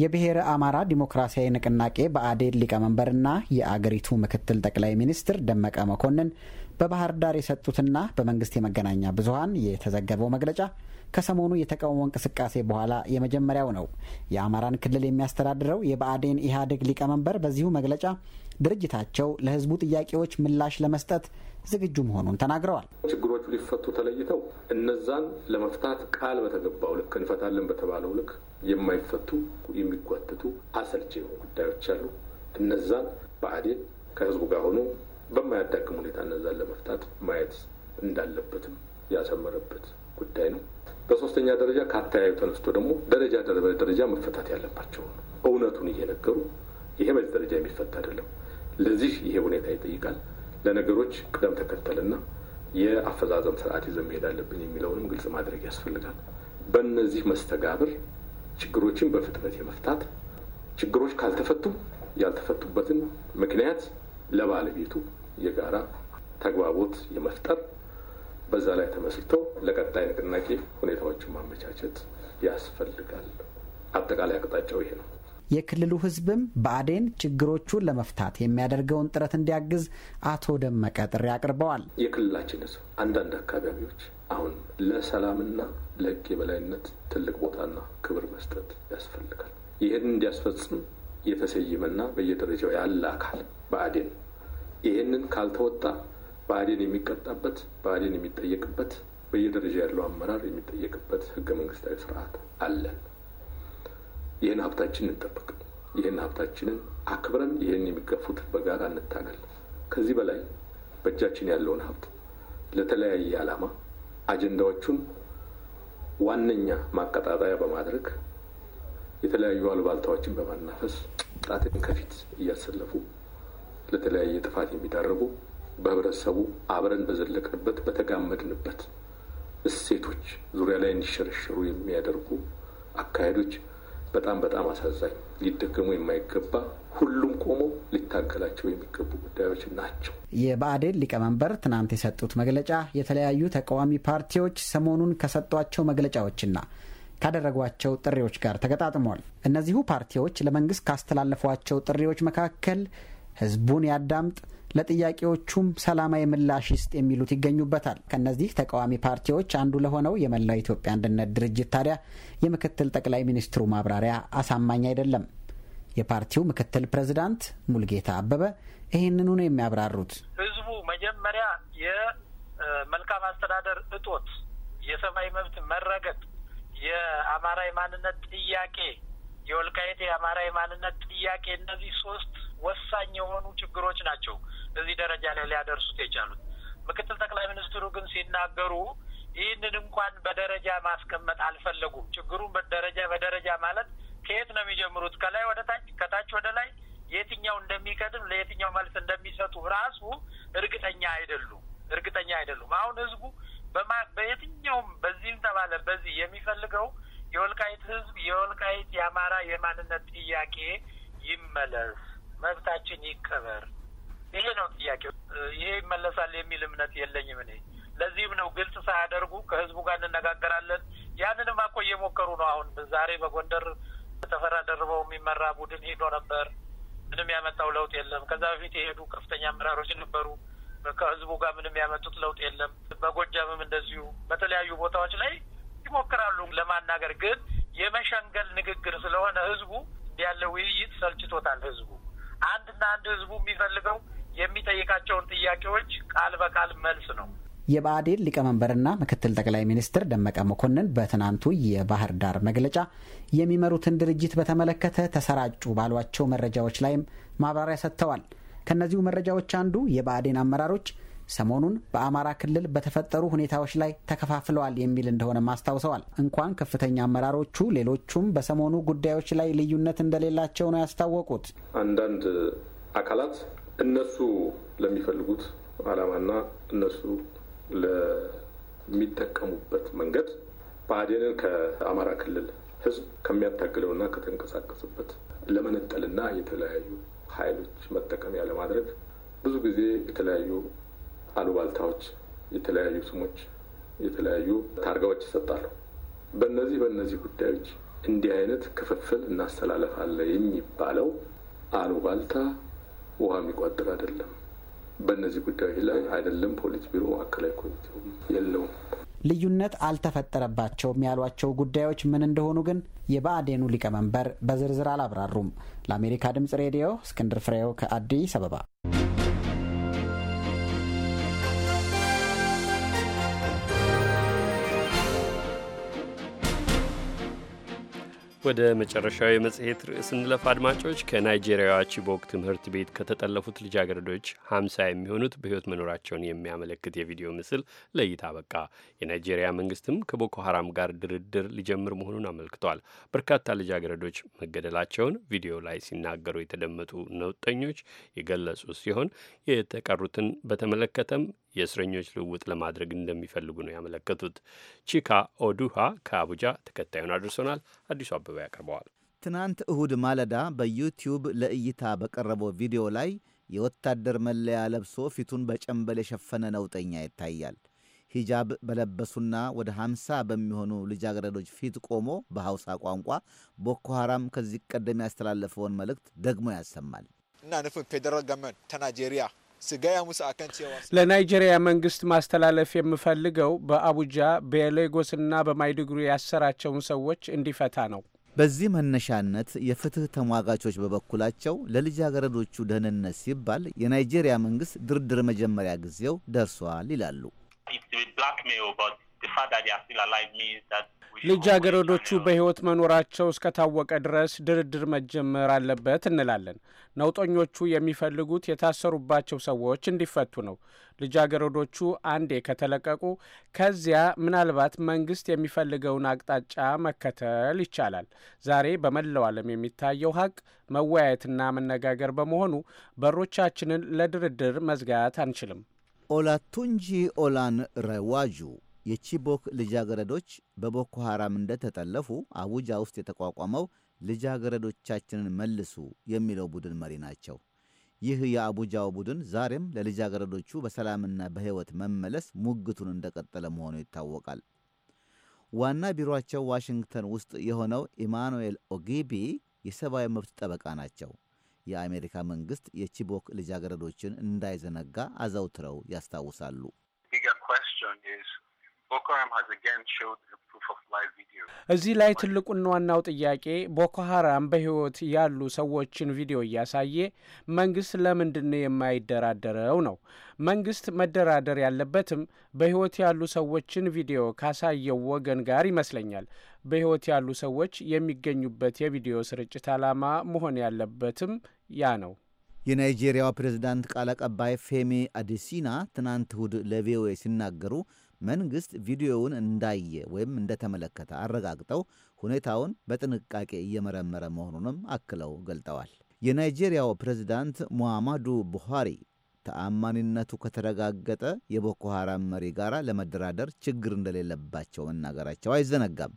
የብሔረ አማራ ዲሞክራሲያዊ ንቅናቄ በአዴድ ሊቀመንበርና የአገሪቱ ምክትል ጠቅላይ ሚኒስትር ደመቀ መኮንን በባህር ዳር የሰጡትና በመንግስት የመገናኛ ብዙሀን የተዘገበው መግለጫ ከሰሞኑ የተቃውሞ እንቅስቃሴ በኋላ የመጀመሪያው ነው። የአማራን ክልል የሚያስተዳድረው የብአዴን ኢህአዴግ ሊቀመንበር በዚሁ መግለጫ ድርጅታቸው ለህዝቡ ጥያቄዎች ምላሽ ለመስጠት ዝግጁ መሆኑን ተናግረዋል። ችግሮቹ ሊፈቱ ተለይተው እነዛን ለመፍታት ቃል በተገባው ልክ እንፈታለን በተባለው ልክ የማይፈቱ የሚጓተቱ አሰልቺ የሆኑ ጉዳዮች አሉ። እነዛን በአዴን ከህዝቡ ጋር ሆኖ በማያዳግም ሁኔታ እነዛን ለመፍታት ማየት እንዳለበትም ያሰመረበት ጉዳይ ነው። በሶስተኛ ደረጃ ከአተያዩ ተነስቶ ደግሞ ደረጃ ደረጃ መፈታት ያለባቸው እውነቱን እየነገሩ ይሄ በዚህ ደረጃ የሚፈታ አይደለም፣ ለዚህ ይሄ ሁኔታ ይጠይቃል፣ ለነገሮች ቅደም ተከተልና የአፈዛዘም ስርዓት ይዘን መሄድ አለብን የሚለውንም ግልጽ ማድረግ ያስፈልጋል። በእነዚህ መስተጋብር ችግሮችን በፍጥነት የመፍታት ችግሮች ካልተፈቱ ያልተፈቱበትን ምክንያት ለባለቤቱ የጋራ ተግባቦት የመፍጠር በዛ ላይ ተመስርቶ ለቀጣይ ንቅናቄ ሁኔታዎችን ማመቻቸት ያስፈልጋል። አጠቃላይ አቅጣጫው ይሄ ነው። የክልሉ ሕዝብም በአዴን ችግሮቹን ለመፍታት የሚያደርገውን ጥረት እንዲያግዝ አቶ ደመቀ ጥሪ አቅርበዋል። የክልላችን ሕዝብ አንዳንድ አካባቢዎች አሁን ለሰላምና ለሕግ የበላይነት ትልቅ ቦታና ክብር መስጠት ያስፈልጋል። ይህን እንዲያስፈጽም የተሰየመና በየደረጃው ያለ አካል በአዴን ይህንን ካልተወጣ ብአዴን የሚቀጣበት ብአዴን የሚጠየቅበት በየደረጃ ያለው አመራር የሚጠየቅበት ህገ መንግስታዊ ስርዓት አለን። ይህን ሀብታችንን እንጠብቅ። ይህን ሀብታችንን አክብረን ይህን የሚገፉት በጋራ እንታገል። ከዚህ በላይ በእጃችን ያለውን ሀብት ለተለያየ ዓላማ አጀንዳዎቹን ዋነኛ ማቀጣጠያ በማድረግ የተለያዩ አልባልታዎችን በማናፈስ ጣትን ከፊት እያሰለፉ ለተለያየ ጥፋት የሚዳረጉ። በህብረተሰቡ አብረን በዘለቅንበት በተጋመድንበት እሴቶች ዙሪያ ላይ እንዲሸረሸሩ የሚያደርጉ አካሄዶች በጣም በጣም አሳዛኝ፣ ሊደገሙ የማይገባ ሁሉም ቆሞ ሊታገላቸው የሚገቡ ጉዳዮች ናቸው። የብአዴን ሊቀመንበር ትናንት የሰጡት መግለጫ የተለያዩ ተቃዋሚ ፓርቲዎች ሰሞኑን ከሰጧቸው መግለጫዎችና ካደረጓቸው ጥሪዎች ጋር ተገጣጥሟል። እነዚሁ ፓርቲዎች ለመንግስት ካስተላለፏቸው ጥሪዎች መካከል ህዝቡን ያዳምጥ ለጥያቄዎቹም ሰላማዊ ምላሽ ይስጥ የሚሉት ይገኙበታል። ከእነዚህ ተቃዋሚ ፓርቲዎች አንዱ ለሆነው የመላው ኢትዮጵያ አንድነት ድርጅት ታዲያ የምክትል ጠቅላይ ሚኒስትሩ ማብራሪያ አሳማኝ አይደለም። የፓርቲው ምክትል ፕሬዝዳንት ሙልጌታ አበበ ይህንኑ ነው የሚያብራሩት። ህዝቡ መጀመሪያ የመልካም አስተዳደር እጦት፣ የሰብአዊ መብት መረገጥ፣ የአማራ የማንነት ጥያቄ፣ የወልቃይት የአማራ የማንነት ጥያቄ እነዚህ ሶስት ወሳኝ የሆኑ ችግሮች ናቸው። እዚህ ደረጃ ላይ ሊያደርሱት የቻሉት። ምክትል ጠቅላይ ሚኒስትሩ ግን ሲናገሩ ይህንን እንኳን በደረጃ ማስቀመጥ አልፈለጉም። ችግሩን በደረጃ በደረጃ ማለት ከየት ነው የሚጀምሩት? ከላይ ወደ ታች፣ ከታች ወደ ላይ፣ የትኛው እንደሚቀድም ለየትኛው መልስ እንደሚሰጡ ራሱ እርግጠኛ አይደሉም እርግጠኛ አይደሉም። አሁን ህዝቡ በማ በየትኛውም በዚህም ተባለ በዚህ የሚፈልገው የወልቃይት ህዝብ የወልቃይት የአማራ የማንነት ጥያቄ ይመለስ፣ መብታችን ይከበር ይሄ ነው ጥያቄው። ይሄ ይመለሳል የሚል እምነት የለኝም እኔ። ለዚህም ነው ግልጽ ሳያደርጉ ከህዝቡ ጋር እንነጋገራለን። ያንንም አኮ እየሞከሩ ነው። አሁን ዛሬ በጎንደር ተፈራ ደርበው የሚመራ ቡድን ሄዶ ነበር። ምንም ያመጣው ለውጥ የለም። ከዛ በፊት የሄዱ ከፍተኛ አመራሮች ነበሩ። ከህዝቡ ጋር ምንም ያመጡት ለውጥ የለም። በጎጃምም እንደዚሁ በተለያዩ ቦታዎች ላይ ይሞክራሉ ለማናገር ግን የመሸንገል ንግግር ስለሆነ ህዝቡ ያለ ውይይት ሰልችቶታል። ህዝቡ አንድና አንድ ህዝቡ የሚፈልገው የሚጠይቃቸውን ጥያቄዎች ቃል በቃል መልስ ነው። የብአዴን ሊቀመንበርና ምክትል ጠቅላይ ሚኒስትር ደመቀ መኮንን በትናንቱ የባህር ዳር መግለጫ የሚመሩትን ድርጅት በተመለከተ ተሰራጩ ባሏቸው መረጃዎች ላይም ማብራሪያ ሰጥተዋል። ከእነዚሁ መረጃዎች አንዱ የብአዴን አመራሮች ሰሞኑን በአማራ ክልል በተፈጠሩ ሁኔታዎች ላይ ተከፋፍለዋል የሚል እንደሆነም አስታውሰዋል። እንኳን ከፍተኛ አመራሮቹ ሌሎቹም በሰሞኑ ጉዳዮች ላይ ልዩነት እንደሌላቸው ነው ያስታወቁት። አንዳንድ አካላት እነሱ ለሚፈልጉት አላማና እነሱ ለሚጠቀሙበት መንገድ ብአዴንን ከአማራ ክልል ህዝብ ከሚያታግለውና ከተንቀሳቀስበት ለመነጠልና የተለያዩ ኃይሎች መጠቀሚያ ለማድረግ ብዙ ጊዜ የተለያዩ አሉባልታዎች፣ የተለያዩ ስሞች፣ የተለያዩ ታርጋዎች ይሰጣሉ። በእነዚህ በእነዚህ ጉዳዮች እንዲህ አይነት ክፍፍል እናስተላለፋለ የሚባለው አሉባልታ ውሃ የሚቋጥር አይደለም። በእነዚህ ጉዳዮች ላይ አይደለም ፖሊስ ቢሮ ማዕከላዊ ኮሚቴ የለውም። ልዩነት አልተፈጠረባቸውም ያሏቸው ጉዳዮች ምን እንደሆኑ ግን የብአዴኑ ሊቀመንበር በዝርዝር አላብራሩም። ለአሜሪካ ድምጽ ሬዲዮ እስክንድር ፍሬው ከአዲስ አበባ ወደ መጨረሻዊ የመጽሔት ርዕስ እንለፍ። አድማጮች ከናይጄሪያዋ ቺቦክ ትምህርት ቤት ከተጠለፉት ልጃገረዶች ሀምሳ የሚሆኑት በሕይወት መኖራቸውን የሚያመለክት የቪዲዮ ምስል ለእይታ በቃ። የናይጄሪያ መንግስትም ከቦኮ ሀራም ጋር ድርድር ሊጀምር መሆኑን አመልክቷል። በርካታ ልጃገረዶች መገደላቸውን ቪዲዮ ላይ ሲናገሩ የተደመጡ ነውጠኞች የገለጹ ሲሆን የተቀሩትን በተመለከተም የእስረኞች ልውውጥ ለማድረግ እንደሚፈልጉ ነው ያመለከቱት። ቺካ ኦዱሃ ከአቡጃ ተከታዩን አድርሶናል። አዲሱ አበባ ያቀርበዋል። ትናንት እሁድ ማለዳ በዩቲዩብ ለእይታ በቀረበው ቪዲዮ ላይ የወታደር መለያ ለብሶ ፊቱን በጨንበል የሸፈነ ነውጠኛ ይታያል። ሂጃብ በለበሱና ወደ 50 በሚሆኑ ልጃገረዶች ፊት ቆሞ በሐውሳ ቋንቋ ቦኮ ሐራም ከዚህ ቀደም ያስተላለፈውን መልእክት ደግሞ ያሰማል እና ፌደራል ገመን ተናጄሪያ ለናይጄሪያ መንግስት ማስተላለፍ የምፈልገው በአቡጃ በሌጎስና በማይዱጉሪ ያሰራቸውን ሰዎች እንዲፈታ ነው። በዚህ መነሻነት የፍትህ ተሟጋቾች በበኩላቸው ለልጃገረዶቹ ደህንነት ሲባል የናይጄሪያ መንግስት ድርድር መጀመሪያ ጊዜው ደርሷል ይላሉ። ልጃገረዶቹ በሕይወት መኖራቸው እስከታወቀ ድረስ ድርድር መጀመር አለበት እንላለን። ነውጠኞቹ የሚፈልጉት የታሰሩባቸው ሰዎች እንዲፈቱ ነው። ልጃገረዶቹ አንዴ ከተለቀቁ ከዚያ ምናልባት መንግስት የሚፈልገውን አቅጣጫ መከተል ይቻላል። ዛሬ በመላው ዓለም የሚታየው ሀቅ መወያየትና መነጋገር በመሆኑ በሮቻችንን ለድርድር መዝጋት አንችልም። ኦላቱንጂ ኦላን ረዋጁ የቺቦክ ልጃገረዶች በቦኮ ሐራም እንደተጠለፉ አቡጃ ውስጥ የተቋቋመው ልጃገረዶቻችንን መልሱ የሚለው ቡድን መሪ ናቸው። ይህ የአቡጃው ቡድን ዛሬም ለልጃገረዶቹ በሰላምና በሕይወት መመለስ ሙግቱን እንደቀጠለ መሆኑ ይታወቃል። ዋና ቢሮአቸው ዋሽንግተን ውስጥ የሆነው ኢማኑኤል ኦጊቢ የሰብአዊ መብት ጠበቃ ናቸው። የአሜሪካ መንግሥት የቺቦክ ልጃገረዶችን እንዳይዘነጋ አዘውትረው ያስታውሳሉ። እዚህ ላይ ትልቁና ዋናው ጥያቄ ቦኮ ሀራም በሕይወት ያሉ ሰዎችን ቪዲዮ እያሳየ መንግስት ለምንድን የማይደራደረው ነው። መንግስት መደራደር ያለበትም በሕይወት ያሉ ሰዎችን ቪዲዮ ካሳየው ወገን ጋር ይመስለኛል። በሕይወት ያሉ ሰዎች የሚገኙበት የቪዲዮ ስርጭት ዓላማ መሆን ያለበትም ያ ነው። የናይጄሪያው ፕሬዝዳንት ቃል አቀባይ ፌሜ አዲሲና ትናንት እሁድ ለቪኦኤ ሲናገሩ መንግሥት ቪዲዮውን እንዳየ ወይም እንደተመለከተ አረጋግጠው ሁኔታውን በጥንቃቄ እየመረመረ መሆኑንም አክለው ገልጠዋል። የናይጄሪያው ፕሬዚዳንት ሙሐማዱ ቡሃሪ ተአማኒነቱ ከተረጋገጠ የቦኮ ሐራም መሪ ጋር ለመደራደር ችግር እንደሌለባቸው መናገራቸው አይዘነጋም።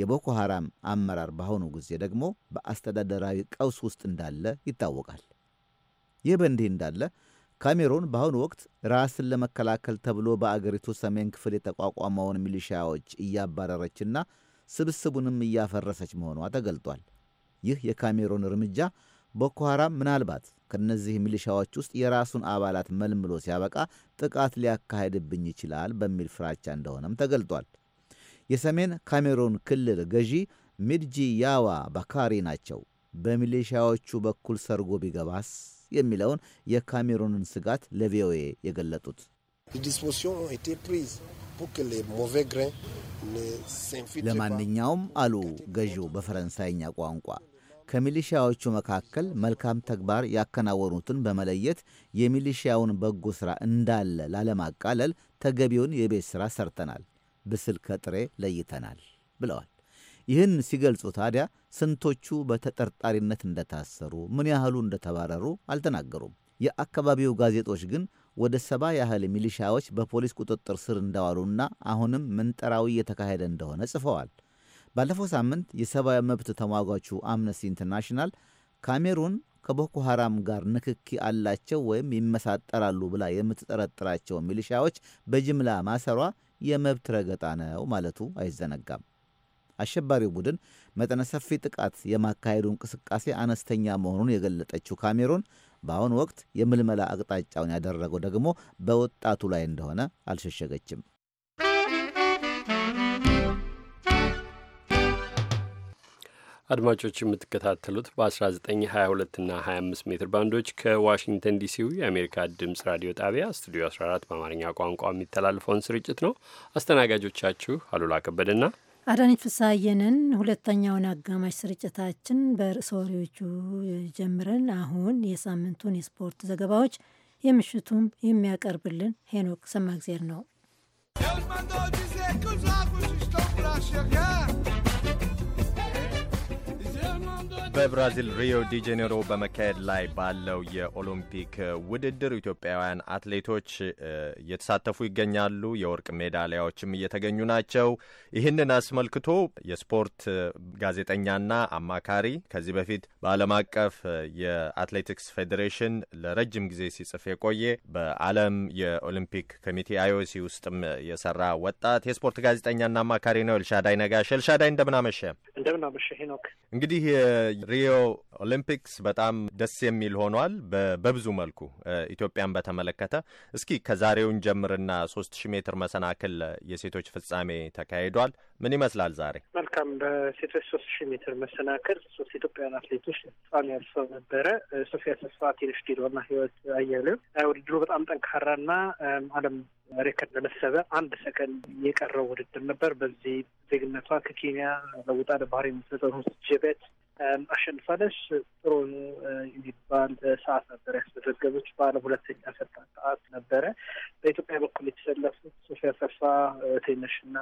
የቦኮ ሐራም አመራር በአሁኑ ጊዜ ደግሞ በአስተዳደራዊ ቀውስ ውስጥ እንዳለ ይታወቃል። ይህ በእንዲህ እንዳለ ካሜሩን በአሁኑ ወቅት ራስን ለመከላከል ተብሎ በአገሪቱ ሰሜን ክፍል የተቋቋመውን ሚሊሻዎች እያባረረችና ስብስቡንም እያፈረሰች መሆኗ ተገልጧል። ይህ የካሜሩን እርምጃ ቦኮ ሐራም ምናልባት ከእነዚህ ሚሊሻዎች ውስጥ የራሱን አባላት መልምሎ ሲያበቃ ጥቃት ሊያካሄድብኝ ይችላል በሚል ፍራቻ እንደሆነም ተገልጧል። የሰሜን ካሜሩን ክልል ገዢ ሚድጂ ያዋ ባካሪ ናቸው። በሚሊሻዎቹ በኩል ሰርጎ ቢገባስ የሚለውን የካሜሩንን ስጋት ለቪኦኤ የገለጡት ለማንኛውም አሉ ገዢው በፈረንሳይኛ ቋንቋ ከሚሊሺያዎቹ መካከል መልካም ተግባር ያከናወኑትን በመለየት የሚሊሺያውን በጎ ሥራ እንዳለ ላለማቃለል ተገቢውን የቤት ሥራ ሰርተናል፣ ብስል ከጥሬ ለይተናል ብለዋል። ይህን ሲገልጹ ታዲያ ስንቶቹ በተጠርጣሪነት እንደታሰሩ፣ ምን ያህሉ እንደተባረሩ አልተናገሩም። የአካባቢው ጋዜጦች ግን ወደ ሰባ ያህል ሚሊሻዎች በፖሊስ ቁጥጥር ስር እንደዋሉና አሁንም ምንጠራዊ እየተካሄደ እንደሆነ ጽፈዋል። ባለፈው ሳምንት የሰብአዊ መብት ተሟጓቹ አምነስቲ ኢንተርናሽናል ካሜሩን ከቦኮ ሐራም ጋር ንክኪ አላቸው ወይም ይመሳጠራሉ ብላ የምትጠረጥራቸው ሚሊሻዎች በጅምላ ማሰሯ የመብት ረገጣ ነው ማለቱ አይዘነጋም። አሸባሪው ቡድን መጠነ ሰፊ ጥቃት የማካሄዱ እንቅስቃሴ አነስተኛ መሆኑን የገለጠችው ካሜሩን በአሁኑ ወቅት የምልመላ አቅጣጫውን ያደረገው ደግሞ በወጣቱ ላይ እንደሆነ አልሸሸገችም። አድማጮች የምትከታተሉት በ1922 እና 25 ሜትር ባንዶች ከዋሽንግተን ዲሲው የአሜሪካ ድምፅ ራዲዮ ጣቢያ ስቱዲዮ 14 በአማርኛ ቋንቋ የሚተላልፈውን ስርጭት ነው። አስተናጋጆቻችሁ አሉላ ከበደና አዳነች ፍስሐየንን ሁለተኛውን አጋማሽ ስርጭታችን በርዕሰ ወሬዎቹ ጀምረን አሁን የሳምንቱን የስፖርት ዘገባዎች የምሽቱም የሚያቀርብልን ሄኖክ ሰማግዜር ነው። በብራዚል ሪዮ ዲ ጄኔሮ በመካሄድ ላይ ባለው የኦሎምፒክ ውድድር ኢትዮጵያውያን አትሌቶች እየተሳተፉ ይገኛሉ። የወርቅ ሜዳሊያዎችም እየተገኙ ናቸው። ይህንን አስመልክቶ የስፖርት ጋዜጠኛና አማካሪ ከዚህ በፊት በዓለም አቀፍ የአትሌቲክስ ፌዴሬሽን ለረጅም ጊዜ ሲጽፍ የቆየ በዓለም የኦሎምፒክ ኮሚቴ አይኦሲ ውስጥም የሰራ ወጣት የስፖርት ጋዜጠኛና አማካሪ ነው ኤልሻዳይ ነጋሽ። ኤልሻዳይ እንደምናመሸ እንደምናመሸ ሄኖክ እንግዲህ ሪዮ ኦሊምፒክስ በጣም ደስ የሚል ሆኗል በብዙ መልኩ ኢትዮጵያን በተመለከተ። እስኪ ከዛሬውን ጀምርና ሶስት ሺህ ሜትር መሰናክል የሴቶች ፍጻሜ ተካሂዷል። ምን ይመስላል ዛሬ? መልካም። በሴቶች ሶስት ሺህ ሜትር መሰናክል ሶስት ኢትዮጵያውያን አትሌቶች ፍጻሜ አልፈው ነበረ። ሶፊያ ተስፋ፣ ቴነሽ ጌዶና ህይወት አያሌው። ውድድሩ በጣም ጠንካራና ዓለም ሬከርድ ለመሰበ አንድ ሰከንድ የቀረው ውድድር ነበር። በዚህ ዜግነቷ ከኬንያ ለውጣ ለባህሬን የምትሰጠው ጀቤት አሸንፋለች። ጥሩ የሚባል ሰዓት ነበር ያስመዘገበች። በዓለም ሁለተኛ ፈጣን ሰዓት ነበረ። በኢትዮጵያ በኩል የተሰለፉት ሶፊያ ሰፋ፣ ቴነሽ እና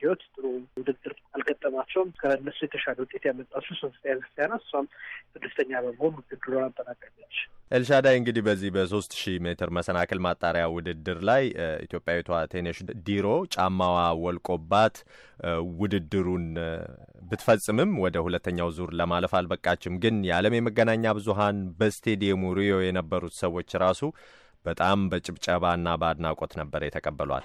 ህይወት ጥሩ ውድድር አልገጠማቸውም። ከነሱ የተሻለ ውጤት ያመጣችው ሶፊያ ሰፋ ናት። እሷም ስድስተኛ በመሆን ውድድሩን አጠናቀቀች። ኤልሻዳይ እንግዲህ በዚህ በሶስት ሺህ ሜትር መሰናክል ማጣሪያ ውድድር ላይ ኢትዮጵያዊቷ ቴኔሽ ዲሮ ጫማዋ ወልቆባት ውድድሩን ብትፈጽምም ወደ ሁለተኛው ዙር ለማለፍ አልበቃችም። ግን የዓለም የመገናኛ ብዙሃን በስቴዲየሙ ሪዮ የነበሩት ሰዎች ራሱ በጣም በጭብጨባና በአድናቆት ነበር የተቀበሏት።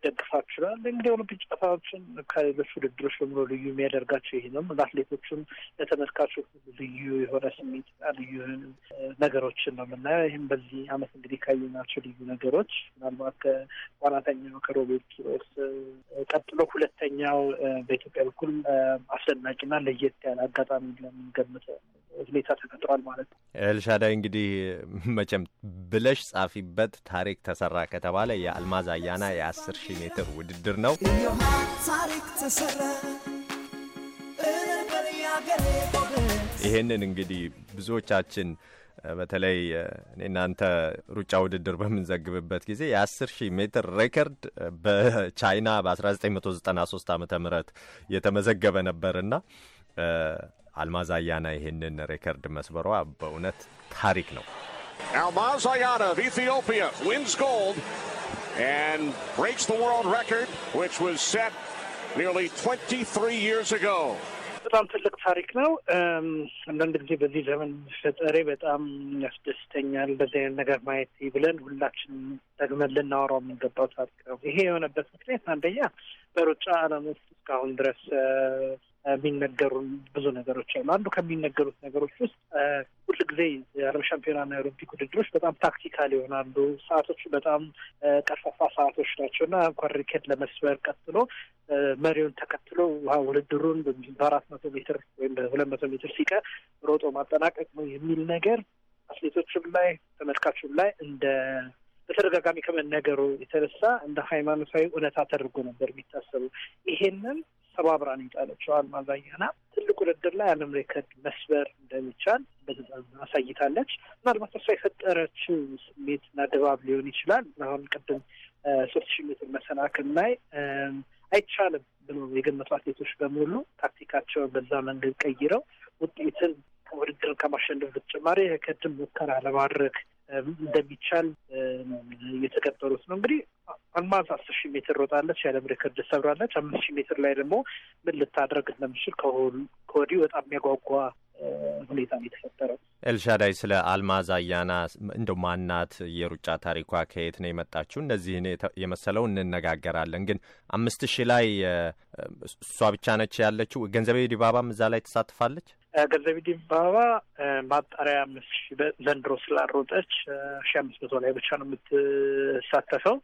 ይደግፋችኋል። እንግዲህ ኦሎምፒክ ጨዋታዎችን ከሌሎች ውድድሮች በሙሉ ልዩ የሚያደርጋቸው ይህ ነው። ለአትሌቶቹም ለተመልካቹ ልዩ የሆነ ስሜት ልዩ ነገሮችን ነው የምናየው። ይህም በዚህ አመት እንግዲህ ካየናቸው ልዩ ነገሮች ምናልባት ከዋናተኛው ከሮቤርት ኪሮስ ቀጥሎ ሁለተኛው በኢትዮጵያ በኩል አስደናቂና ለየት ያለ አጋጣሚ ለምንገምት ሁኔታ ተፈጥሯል ማለት ነው። ኤልሻዳይ እንግዲህ መቼም ብለሽ ጻፊበት ታሪክ ተሰራ ከተባለ የአልማዝ አያና የአስር ሺ ሺህ ሜትር ውድድር ነው። ይህንን እንግዲህ ብዙዎቻችን በተለይ እናንተ ሩጫ ውድድር በምንዘግብበት ጊዜ የ10 ሺህ ሜትር ሬከርድ በቻይና በ1993 ዓ ም የተመዘገበ ነበርና አልማዝ አያና ይህንን ሬከርድ መስበሯ በእውነት ታሪክ ነው። Almaz Ayana of Ethiopia and breaks the world record, which was set nearly 23 years ago. በጣም ትልቅ ታሪክ ነው። አንዳንድ ጊዜ በዚህ ዘመን ፈጠሬ በጣም ያስደስተኛል። በዚህ አይነት ነገር ማየት ብለን ሁላችን ደግመን ልናወራው የምንገባው ታሪክ ነው። ይሄ የሆነበት ምክንያት አንደኛ በሩጫ ዓለም ውስጥ እስካሁን ድረስ የሚነገሩ ብዙ ነገሮች አሉ። አንዱ ከሚነገሩት ነገሮች ውስጥ ሁል ጊዜ የዓለም ሻምፒዮናና የኦሎምፒክ ውድድሮች በጣም ታክቲካል ይሆናሉ። ሰዓቶች በጣም ቀርፋፋ ሰዓቶች ናቸው እና እንኳን ሪከርድ ለመስበር ቀጥሎ መሪውን ተከትሎ ውድድሩን በአራት መቶ ሜትር ወይም በሁለት መቶ ሜትር ሲቀ ሮጦ ማጠናቀቅ ነው የሚል ነገር አትሌቶችም ላይ ተመልካቹም ላይ እንደ በተደጋጋሚ ከመነገሩ የተነሳ እንደ ሃይማኖታዊ እውነታ ተደርጎ ነበር የሚታሰቡ ይሄንን ሰባብራን ይጣለችዋል ማዛኛና ትልቅ ውድድር ላይ ዓለም ሬከርድ መስበር እንደሚቻል አሳይታለች። ምናልባት እሷ የፈጠረችው እና ድባብ ሊሆን ይችላል። አሁን ቅድም ሶስት ሺህ ሜትር መሰናክል ላይ አይቻልም ብሎ የገመቱ አትሌቶች በሙሉ ታክቲካቸውን በዛ መንገድ ቀይረው ውጤትን ውድድርን ከማሸነፍ በተጨማሪ ከድም ሙከራ ለማድረግ እንደሚቻል የተቀጠሩት ነው። እንግዲህ አልማዝ አስር ሺህ ሜትር ሮጣለች፣ የዓለም ሬከርድ ሰብራለች። አምስት ሺህ ሜትር ላይ ደግሞ ምን ልታደርግ እንደምችል ከወዲሁ በጣም የሚያጓጓ ሁኔታ ነው የተፈጠረው። ኤልሻዳይ፣ ስለ አልማዝ አያና እንደ ማናት፣ የሩጫ ታሪኳ ከየት ነው የመጣችው፣ እነዚህን የመሰለው እንነጋገራለን። ግን አምስት ሺህ ላይ እሷ ብቻ ነች ያለችው። ገንዘቤ ዲባባም እዛ ላይ ትሳትፋለች። ገንዘቤ ዲባባ ማጣሪያ አምስት ሺህ ዘንድሮ ስላሮጠች ሺህ አምስት መቶ ላይ ብቻ ነው የምትሳተፈው።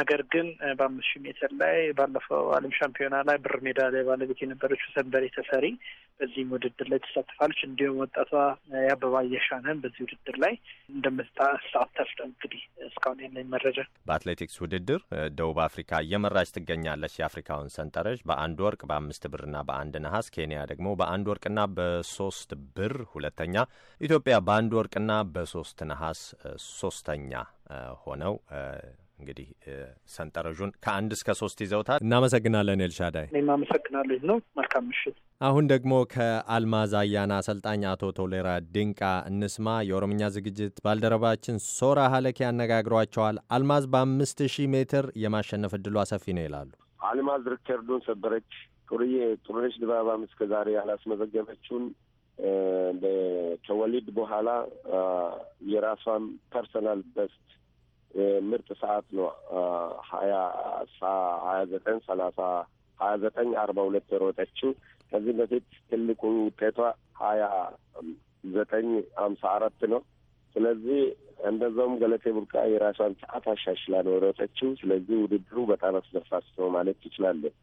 ነገር ግን በአምስት ሺህ ሜትር ላይ ባለፈው ዓለም ሻምፒዮና ላይ ብር ሜዳሊያ ባለቤት የነበረችው ሰንበሬ ተፈሪ በዚህም ውድድር ላይ ትሳተፋለች። እንዲሁም ወጣቷ የአበባ እየሻነን በዚህ ውድድር ላይ እንደምትሳተፍ እንግዲህ እስካሁን ያለኝ መረጃ። በአትሌቲክስ ውድድር ደቡብ አፍሪካ እየመራች ትገኛለች። የአፍሪካውን ሰንጠረዥ በአንድ ወርቅ፣ በአምስት ብርና በአንድ ነሐስ፣ ኬንያ ደግሞ በአንድ ወርቅና በሶስት ብር ሁለተኛ፣ ኢትዮጵያ በአንድ ወርቅና በሶስት ነሐስ ሶስተኛ ሆነው እንግዲህ ሰንጠረዡን ከአንድ እስከ ሶስት ይዘውታል። እናመሰግናለን ኤልሻዳይ። እኔም አመሰግናለሁ ነው። መልካም ምሽት። አሁን ደግሞ ከአልማዝ አያና አሰልጣኝ አቶ ቶሌራ ድንቃ እንስማ። የኦሮምኛ ዝግጅት ባልደረባችን ሶራ ሀለኪ ያነጋግሯቸዋል። አልማዝ በአምስት ሺህ ሜትር የማሸነፍ እድሏ ሰፊ ነው ይላሉ። አልማዝ ሪከርዱን ሰበረች። ጥሩዬ ጥሩነሽ ድባባም ዛሬ ያላስመዘገበችውን ከወሊድ በኋላ የራሷን ፐርሰናል በስት ምርጥ ሰዓት ነው። ሀያ ሀያ ዘጠኝ ሰላሳ ሀያ ዘጠኝ አርባ ሁለት የሮጠችው ከዚህ በፊት ትልቁ ውጤቷ ሀያ ዘጠኝ አምሳ አራት ነው። ስለዚህ እንደዛውም ገለቴ ቡርቃ የራሷን ሰዓት አሻሽላ ነው የሮጠችው። ስለዚህ ውድድሩ በጣም አስደሳች ነው ማለት ትችላለን።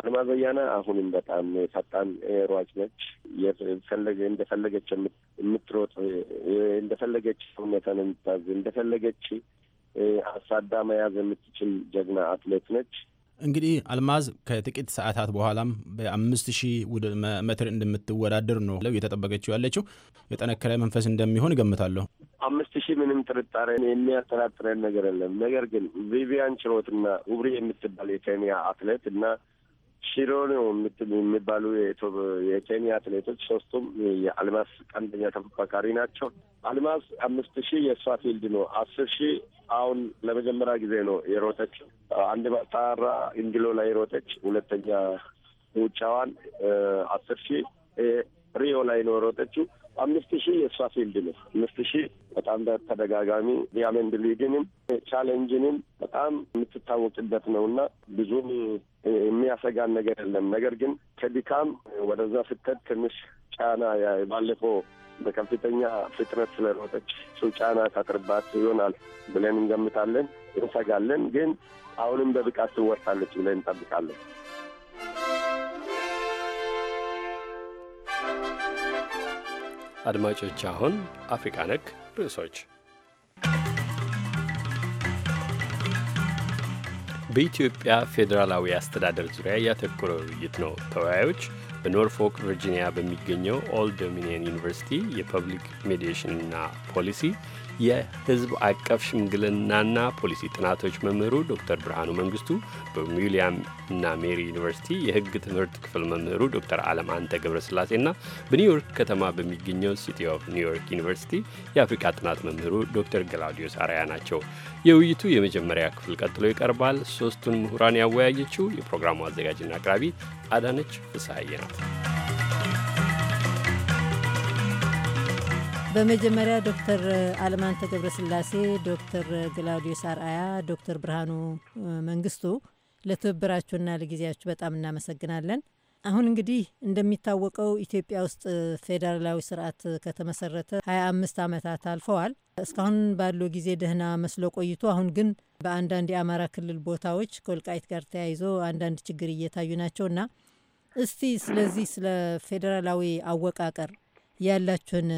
አልማዝ ወያነ አሁንም በጣም ፈጣን ሯጭ ነች። እንደፈለገች የምትሮጥ እንደፈለገች ሰውነቷን የምታዝ እንደፈለገች አሳዳ መያዝ የምትችል ጀግና አትሌት ነች። እንግዲህ አልማዝ ከጥቂት ሰዓታት በኋላም በአምስት ሺህ ሜትር እንደምትወዳደር ነው እየተጠበቀችው ያለችው። የጠነከረ መንፈስ እንደሚሆን እገምታለሁ። አምስት ሺህ ምንም ጥርጣሬ የሚያጠራጥረን ነገር የለም። ነገር ግን ቪቪያን ችሮትና ውብሪ የምትባል የኬንያ አትሌት እና ሺሮ ነው የሚባሉ የኬንያ አትሌቶች ሶስቱም የአልማስ ቀንደኛ ተፎካካሪ ናቸው። አልማስ አምስት ሺህ የእሷ ፊልድ ነው። አስር ሺህ አሁን ለመጀመሪያ ጊዜ ነው የሮጠች። አንድ ጣራ እንግሎ ላይ ሮጠች። ሁለተኛ ውጫዋን አስር ሺህ ሪዮ ላይ ነው የሮጠችው። አምስት ሺህ የእሷ ፊልድ ነው። አምስት ሺህ በጣም ተደጋጋሚ ዲያመንድ ሊግንም ቻሌንጅንም በጣም የምትታወቅበት ነው እና ብዙም የሚያሰጋን ነገር የለም። ነገር ግን ከድካም ወደዛ ስተት ትንሽ ጫና ባለፈው በከፍተኛ ፍጥነት ስለሮጠች እሱ ጫና ታጥርባት ይሆናል ብለን እንገምታለን፣ እንሰጋለን። ግን አሁንም በብቃት ትወርታለች ብለን እንጠብቃለን። አድማጮች፣ አሁን አፍሪቃ ነክ ርዕሶች በኢትዮጵያ ፌዴራላዊ አስተዳደር ዙሪያ ያተኮረ ውይይት ነው። ተወያዮች በኖርፎክ ቨርጂኒያ በሚገኘው ኦልድ ዶሚኒየን ዩኒቨርሲቲ የፐብሊክ ሜዲሽንና ፖሊሲ የህዝብ አቀፍ ሽምግልናና ፖሊሲ ጥናቶች መምህሩ ዶክተር ብርሃኑ መንግስቱ፣ በዊሊያም እና ሜሪ ዩኒቨርሲቲ የህግ ትምህርት ክፍል መምህሩ ዶክተር አለም አንተ ገብረስላሴና በኒውዮርክ ከተማ በሚገኘው ሲቲ ኦፍ ኒውዮርክ ዩኒቨርሲቲ የአፍሪካ ጥናት መምህሩ ዶክተር ገላውዲዮስ ሳራያ ናቸው። የውይይቱ የመጀመሪያ ክፍል ቀጥሎ ይቀርባል። ሶስቱን ምሁራን ያወያየችው የፕሮግራሙ አዘጋጅና አቅራቢ አዳነች ፍስሀዬ ናት። በመጀመሪያ ዶክተር አለማንተ ገብረስላሴ፣ ዶክተር ግላውዲዮስ አርአያ፣ ዶክተር ብርሃኑ መንግስቱ ለትብብራችሁና ለጊዜያችሁ በጣም እናመሰግናለን። አሁን እንግዲህ እንደሚታወቀው ኢትዮጵያ ውስጥ ፌዴራላዊ ስርዓት ከተመሰረተ አምስት ዓመታት አልፈዋል። እስካሁን ባለው ጊዜ ደህና መስሎ ቆይቶ አሁን ግን በአንዳንድ የአማራ ክልል ቦታዎች ከወልቃይት ጋር ተያይዞ አንዳንድ ችግር እየታዩ ናቸውና እስቲ ስለዚህ ስለ ፌዴራላዊ አወቃቀር ያላችሁን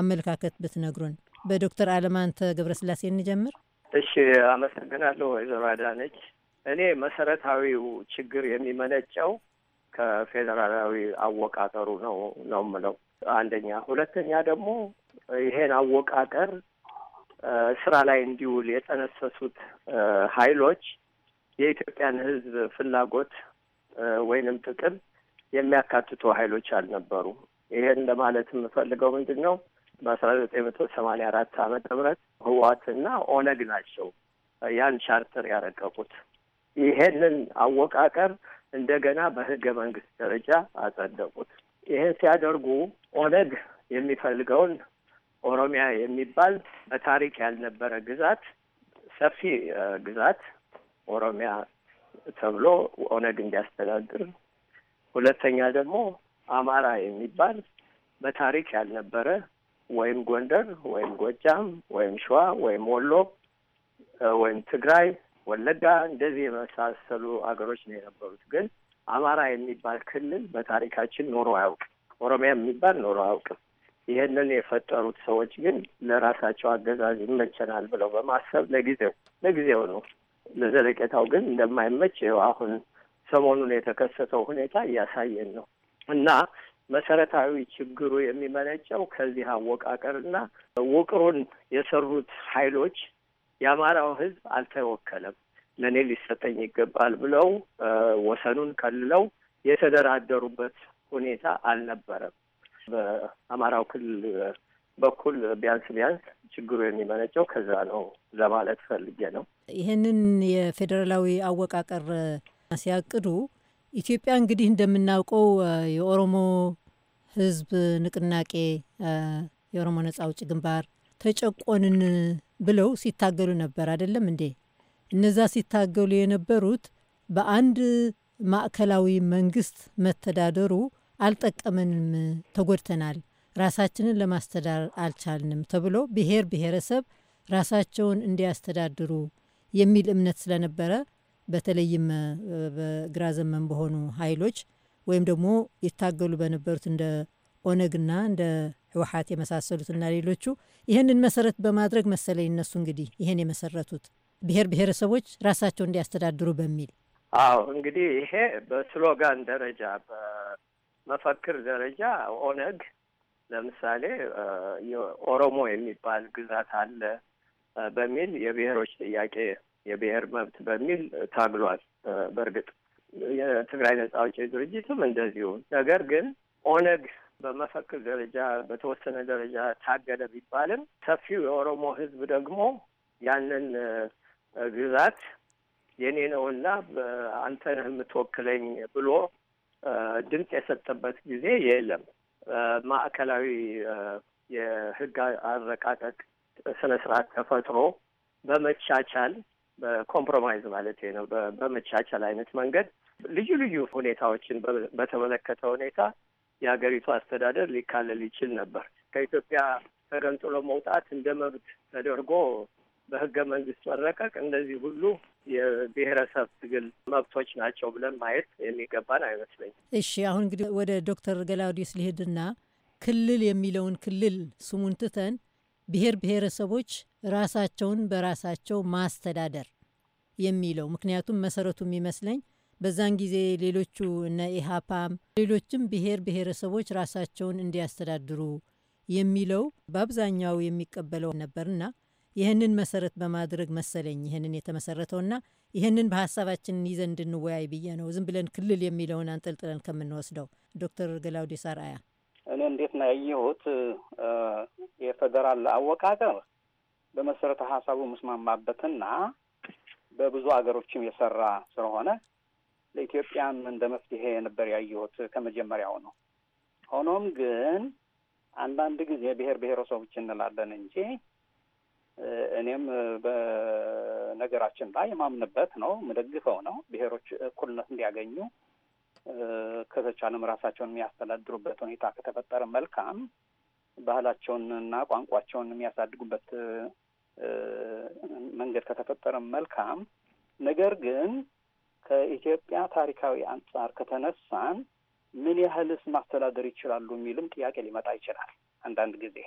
አመለካከት ብትነግሩን? በዶክተር አለማንተ ገብረስላሴ እንጀምር። እሺ፣ አመሰግናለሁ ወይዘሮ አዳነች። እኔ መሰረታዊው ችግር የሚመነጨው ከፌዴራላዊ አወቃቀሩ ነው ነው የምለው አንደኛ። ሁለተኛ ደግሞ ይሄን አወቃቀር ስራ ላይ እንዲውል የጠነሰሱት ኃይሎች የኢትዮጵያን ሕዝብ ፍላጎት ወይንም ጥቅም የሚያካትቱ ኃይሎች አልነበሩም። ይሄን ለማለት የምፈልገው ምንድን ነው በአስራ ዘጠኝ መቶ ሰማኒያ አራት ዓመተ ምህረት ህወሓትና ኦነግ ናቸው ያን ቻርተር ያረቀቁት። ይሄንን አወቃቀር እንደገና በህገ መንግስት ደረጃ አጸደቁት። ይሄን ሲያደርጉ ኦነግ የሚፈልገውን ኦሮሚያ የሚባል በታሪክ ያልነበረ ግዛት፣ ሰፊ ግዛት ኦሮሚያ ተብሎ ኦነግ እንዲያስተዳድር፣ ሁለተኛ ደግሞ አማራ የሚባል በታሪክ ያልነበረ ወይም ጎንደር ወይም ጎጃም ወይም ሸዋ ወይም ወሎ ወይም ትግራይ፣ ወለጋ እንደዚህ የመሳሰሉ ሀገሮች ነው የነበሩት። ግን አማራ የሚባል ክልል በታሪካችን ኖሮ አያውቅም። ኦሮሚያ የሚባል ኖሮ አያውቅም። ይህንን የፈጠሩት ሰዎች ግን ለራሳቸው አገዛዝ ይመቸናል ብለው በማሰብ ለጊዜው ለጊዜው ነው፣ ለዘለቄታው ግን እንደማይመች ይኸው አሁን ሰሞኑን የተከሰተው ሁኔታ እያሳየን ነው እና መሰረታዊ ችግሩ የሚመነጨው ከዚህ አወቃቀርና ውቅሩን የሰሩት ኃይሎች የአማራው ሕዝብ አልተወከለም፣ ለእኔ ሊሰጠኝ ይገባል ብለው ወሰኑን ከልለው የተደራደሩበት ሁኔታ አልነበረም። በአማራው ክልል በኩል ቢያንስ ቢያንስ ችግሩ የሚመነጨው ከዛ ነው ለማለት ፈልጌ ነው። ይህንን የፌዴራላዊ አወቃቀር ሲያቅዱ ኢትዮጵያ እንግዲህ እንደምናውቀው የኦሮሞ ህዝብ ንቅናቄ የኦሮሞ ነጻ ውጭ ግንባር ተጨቆንን ብለው ሲታገሉ ነበር። አይደለም እንዴ? እነዛ ሲታገሉ የነበሩት በአንድ ማዕከላዊ መንግስት መተዳደሩ አልጠቀመንም፣ ተጎድተናል፣ ራሳችንን ለማስተዳደር አልቻልንም ተብሎ ብሔር ብሔረሰብ ራሳቸውን እንዲያስተዳድሩ የሚል እምነት ስለነበረ በተለይም በግራ ዘመም በሆኑ ኃይሎች ወይም ደግሞ ይታገሉ በነበሩት እንደ ኦነግና እንደ ህወሓት የመሳሰሉትና ሌሎቹ ይህንን መሰረት በማድረግ መሰለኝ እነሱ እንግዲህ ይህን የመሰረቱት ብሔር ብሔረሰቦች ራሳቸው እንዲያስተዳድሩ በሚል። አዎ እንግዲህ ይሄ በስሎጋን ደረጃ በመፈክር ደረጃ ኦነግ ለምሳሌ የኦሮሞ የሚባል ግዛት አለ በሚል የብሔሮች ጥያቄ የብሔር መብት በሚል ታግሏል። በእርግጥ የትግራይ ነጻ አውጪ ድርጅትም እንደዚሁ። ነገር ግን ኦነግ በመፈክር ደረጃ በተወሰነ ደረጃ ታገደ ቢባልም ሰፊው የኦሮሞ ሕዝብ ደግሞ ያንን ግዛት የኔ ነውና አንተ የምትወክለኝ ብሎ ድምፅ የሰጠበት ጊዜ የለም። ማዕከላዊ የህግ አረቃቀቅ ስነ ስርዓት ተፈጥሮ በመቻቻል በኮምፕሮማይዝ ማለት ነው በመቻቻል አይነት መንገድ ልዩ ልዩ ሁኔታዎችን በተመለከተ ሁኔታ የሀገሪቱ አስተዳደር ሊካለል ይችል ነበር። ከኢትዮጵያ ተገንጥሎ መውጣት እንደ መብት ተደርጎ በህገ መንግስት መረቀቅ እነዚህ ሁሉ የብሔረሰብ ትግል መብቶች ናቸው ብለን ማየት የሚገባን አይመስለኝም። እሺ፣ አሁን እንግዲህ ወደ ዶክተር ገላውዲስ ሊሄድና ክልል የሚለውን ክልል ስሙን ትተን ብሔር ብሔረሰቦች ራሳቸውን በራሳቸው ማስተዳደር የሚለው ምክንያቱም መሰረቱ የሚመስለኝ በዛን ጊዜ ሌሎቹ እነ ኢሃፓም ሌሎችም ብሔር ብሔረሰቦች ራሳቸውን እንዲያስተዳድሩ የሚለው በአብዛኛው የሚቀበለው ነበርና ይህንን መሰረት በማድረግ መሰለኝ ይህንን የተመሰረተውና ይህንን በሀሳባችን ይዘን እንድንወያይ ብዬ ነው። ዝም ብለን ክልል የሚለውን አንጠልጥለን ከምንወስደው ዶክተር ገላውዴ ሳርአያ እንዴት ነው ያየሁት? የፌዴራል አወቃቀር በመሰረተ ሀሳቡ ምስማማበትና በብዙ ሀገሮችም የሰራ ስለሆነ ለኢትዮጵያም እንደ መፍትሄ ነበር ያየሁት ከመጀመሪያው ነው። ሆኖም ግን አንዳንድ ጊዜ ብሔር ብሔረሰቦች እንላለን እንጂ እኔም በነገራችን ላይ የማምንበት ነው፣ የምደግፈው ነው። ብሔሮች እኩልነት እንዲያገኙ ከተቻለም ራሳቸውን የሚያስተዳድሩበት ሁኔታ ከተፈጠረ መልካም፣ ባህላቸውንና ቋንቋቸውን የሚያሳድጉበት መንገድ ከተፈጠረ መልካም። ነገር ግን ከኢትዮጵያ ታሪካዊ አንጻር ከተነሳን ምን ያህልስ ማስተዳደር ይችላሉ የሚልም ጥያቄ ሊመጣ ይችላል። አንዳንድ ጊዜ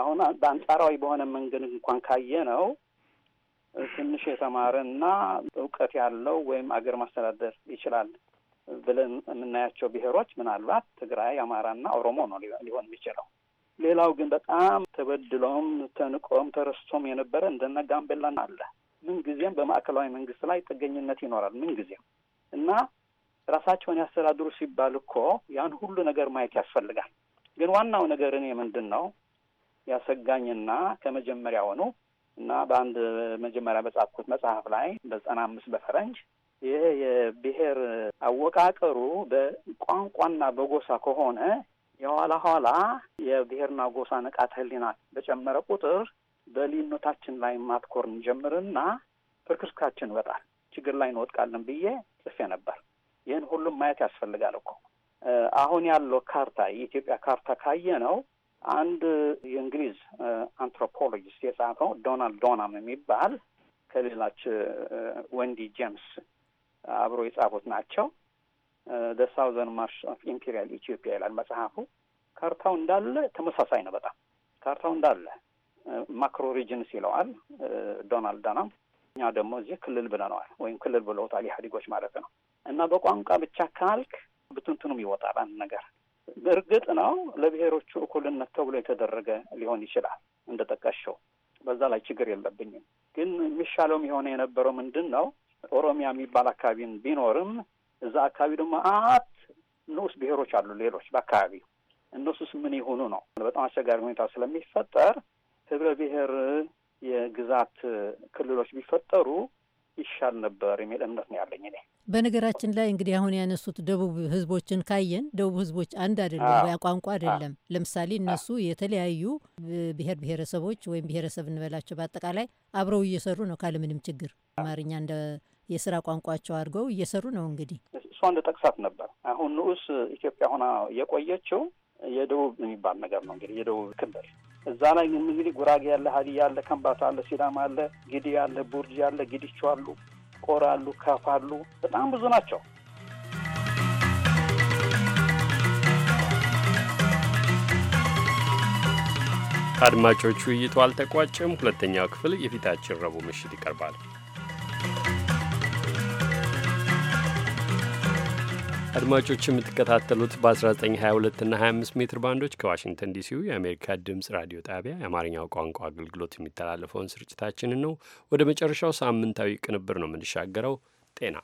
አሁን በአንጻራዊ በሆነ መንገድ እንኳን ካየ ነው ትንሽ የተማረ እና እውቀት ያለው ወይም አገር ማስተዳደር ይችላል ብለን የምናያቸው ብሔሮች ምናልባት ትግራይ፣ አማራና ኦሮሞ ነው ሊሆን የሚችለው። ሌላው ግን በጣም ተበድሎም ተንቆም ተረስቶም የነበረ እንደነ ጋምቤላን አለ። ምንጊዜም በማዕከላዊ መንግስት ላይ ጥገኝነት ይኖራል ምንጊዜም እና ራሳቸውን ያስተዳድሩ ሲባል እኮ ያን ሁሉ ነገር ማየት ያስፈልጋል። ግን ዋናው ነገር እኔ ምንድን ነው ያሰጋኝና ከመጀመሪያውኑ እና በአንድ መጀመሪያ በጻፍኩት መጽሐፍ ላይ በዘጠና አምስት በፈረንጅ ይሄ የብሔር አወቃቀሩ በቋንቋና በጎሳ ከሆነ የኋላ ኋላ የብሔርና ጎሳ ንቃተ ሕሊና በጨመረ ቁጥር በልዩነታችን ላይ ማትኮር እንጀምርና ፍርክርካችን ይወጣል፣ ችግር ላይ እንወጥቃለን ብዬ ጽፌ ነበር። ይህን ሁሉም ማየት ያስፈልጋል እኮ አሁን ያለው ካርታ የኢትዮጵያ ካርታ ካየ ነው። አንድ የእንግሊዝ አንትሮፖሎጂስት የጻፈው ዶናልድ ዶናም የሚባል ከሌላች ወንዲ ጄምስ አብሮ የጻፉት ናቸው። ደ ሳውዘን ማርሽ ኦፍ ኢምፔሪያል ኢትዮጵያ ይላል መጽሐፉ። ካርታው እንዳለ ተመሳሳይ ነው። በጣም ካርታው እንዳለ ማክሮ ሪጅንስ ይለዋል ዶናልድ ዳናም። እኛ ደግሞ እዚህ ክልል ብለነዋል፣ ወይም ክልል ብለውታል ኢህአዴጎች ማለት ነው። እና በቋንቋ ብቻ ካልክ ብትንትኑም ይወጣል አንድ ነገር። እርግጥ ነው ለብሔሮቹ እኩልነት ተብሎ የተደረገ ሊሆን ይችላል እንደ ጠቀሽው፣ በዛ ላይ ችግር የለብኝም። ግን የሚሻለውም የሆነ የነበረው ምንድን ነው ኦሮሚያ የሚባል አካባቢን ቢኖርም እዛ አካባቢ ደግሞ አት ንዑስ ብሔሮች አሉ ሌሎች በአካባቢ እነሱስ ምን የሆኑ ነው በጣም አስቸጋሪ ሁኔታ ስለሚፈጠር ህብረ ብሔር የግዛት ክልሎች ቢፈጠሩ ይሻል ነበር የሚል እምነት ነው ያለኝ እኔ። በነገራችን ላይ እንግዲህ አሁን ያነሱት ደቡብ ህዝቦችን ካየን ደቡብ ህዝቦች አንድ አይደለም፣ ወይ ቋንቋ አይደለም። ለምሳሌ እነሱ የተለያዩ ብሔር ብሔረሰቦች ወይም ብሔረሰብ እንበላቸው በአጠቃላይ አብረው እየሰሩ ነው ካለምንም ችግር አማርኛ እንደ የስራ ቋንቋቸው አድርገው እየሰሩ ነው። እንግዲህ እሷ እንደ ጠቅሳት ነበር አሁን ንዑስ ኢትዮጵያ ሆና የቆየችው የደቡብ የሚባል ነገር ነው እንግዲህ የደቡብ ክልል እዛ ላይ እንግዲህ ጉራጌ አለ፣ ሀዲያ አለ፣ ከምባታ አለ፣ ሲዳማ አለ፣ ጊዲ አለ፣ ቡርጂ አለ፣ ጊዲቹ አሉ፣ ቆር አሉ፣ ከፍ አሉ፣ በጣም ብዙ ናቸው። አድማጮቹ ውይይቱ አልተቋጨም። ሁለተኛው ክፍል የፊታችን ረቡዕ ምሽት ይቀርባል። አድማጮች የምትከታተሉት በ1922 እና 25 ሜትር ባንዶች ከዋሽንግተን ዲሲው የአሜሪካ ድምፅ ራዲዮ ጣቢያ የአማርኛው ቋንቋ አገልግሎት የሚተላለፈውን ስርጭታችንን ነው። ወደ መጨረሻው ሳምንታዊ ቅንብር ነው የምንሻገረው። ጤና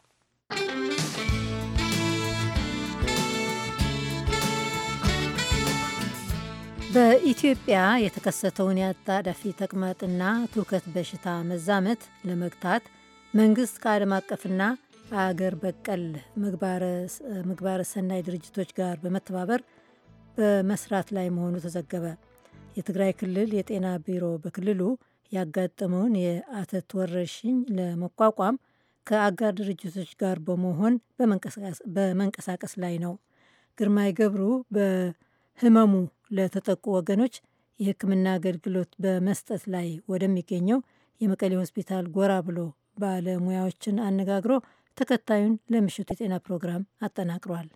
በኢትዮጵያ የተከሰተውን የአጣዳፊ ተቅማጥና ትውከት በሽታ መዛመት ለመግታት መንግስት ከዓለም አቀፍና አገር በቀል ምግባረ ሰናይ ድርጅቶች ጋር በመተባበር በመስራት ላይ መሆኑ ተዘገበ። የትግራይ ክልል የጤና ቢሮ በክልሉ ያጋጠመውን የአተት ወረርሽኝ ለመቋቋም ከአጋር ድርጅቶች ጋር በመሆን በመንቀሳቀስ ላይ ነው። ግርማይ ገብሩ በህመሙ ለተጠቁ ወገኖች የሕክምና አገልግሎት በመስጠት ላይ ወደሚገኘው የመቀሌ ሆስፒታል ጎራ ብሎ ባለሙያዎችን አነጋግሮ ተከታዩን ለምሽቱ የጤና ፕሮግራም አጠናቅሯል።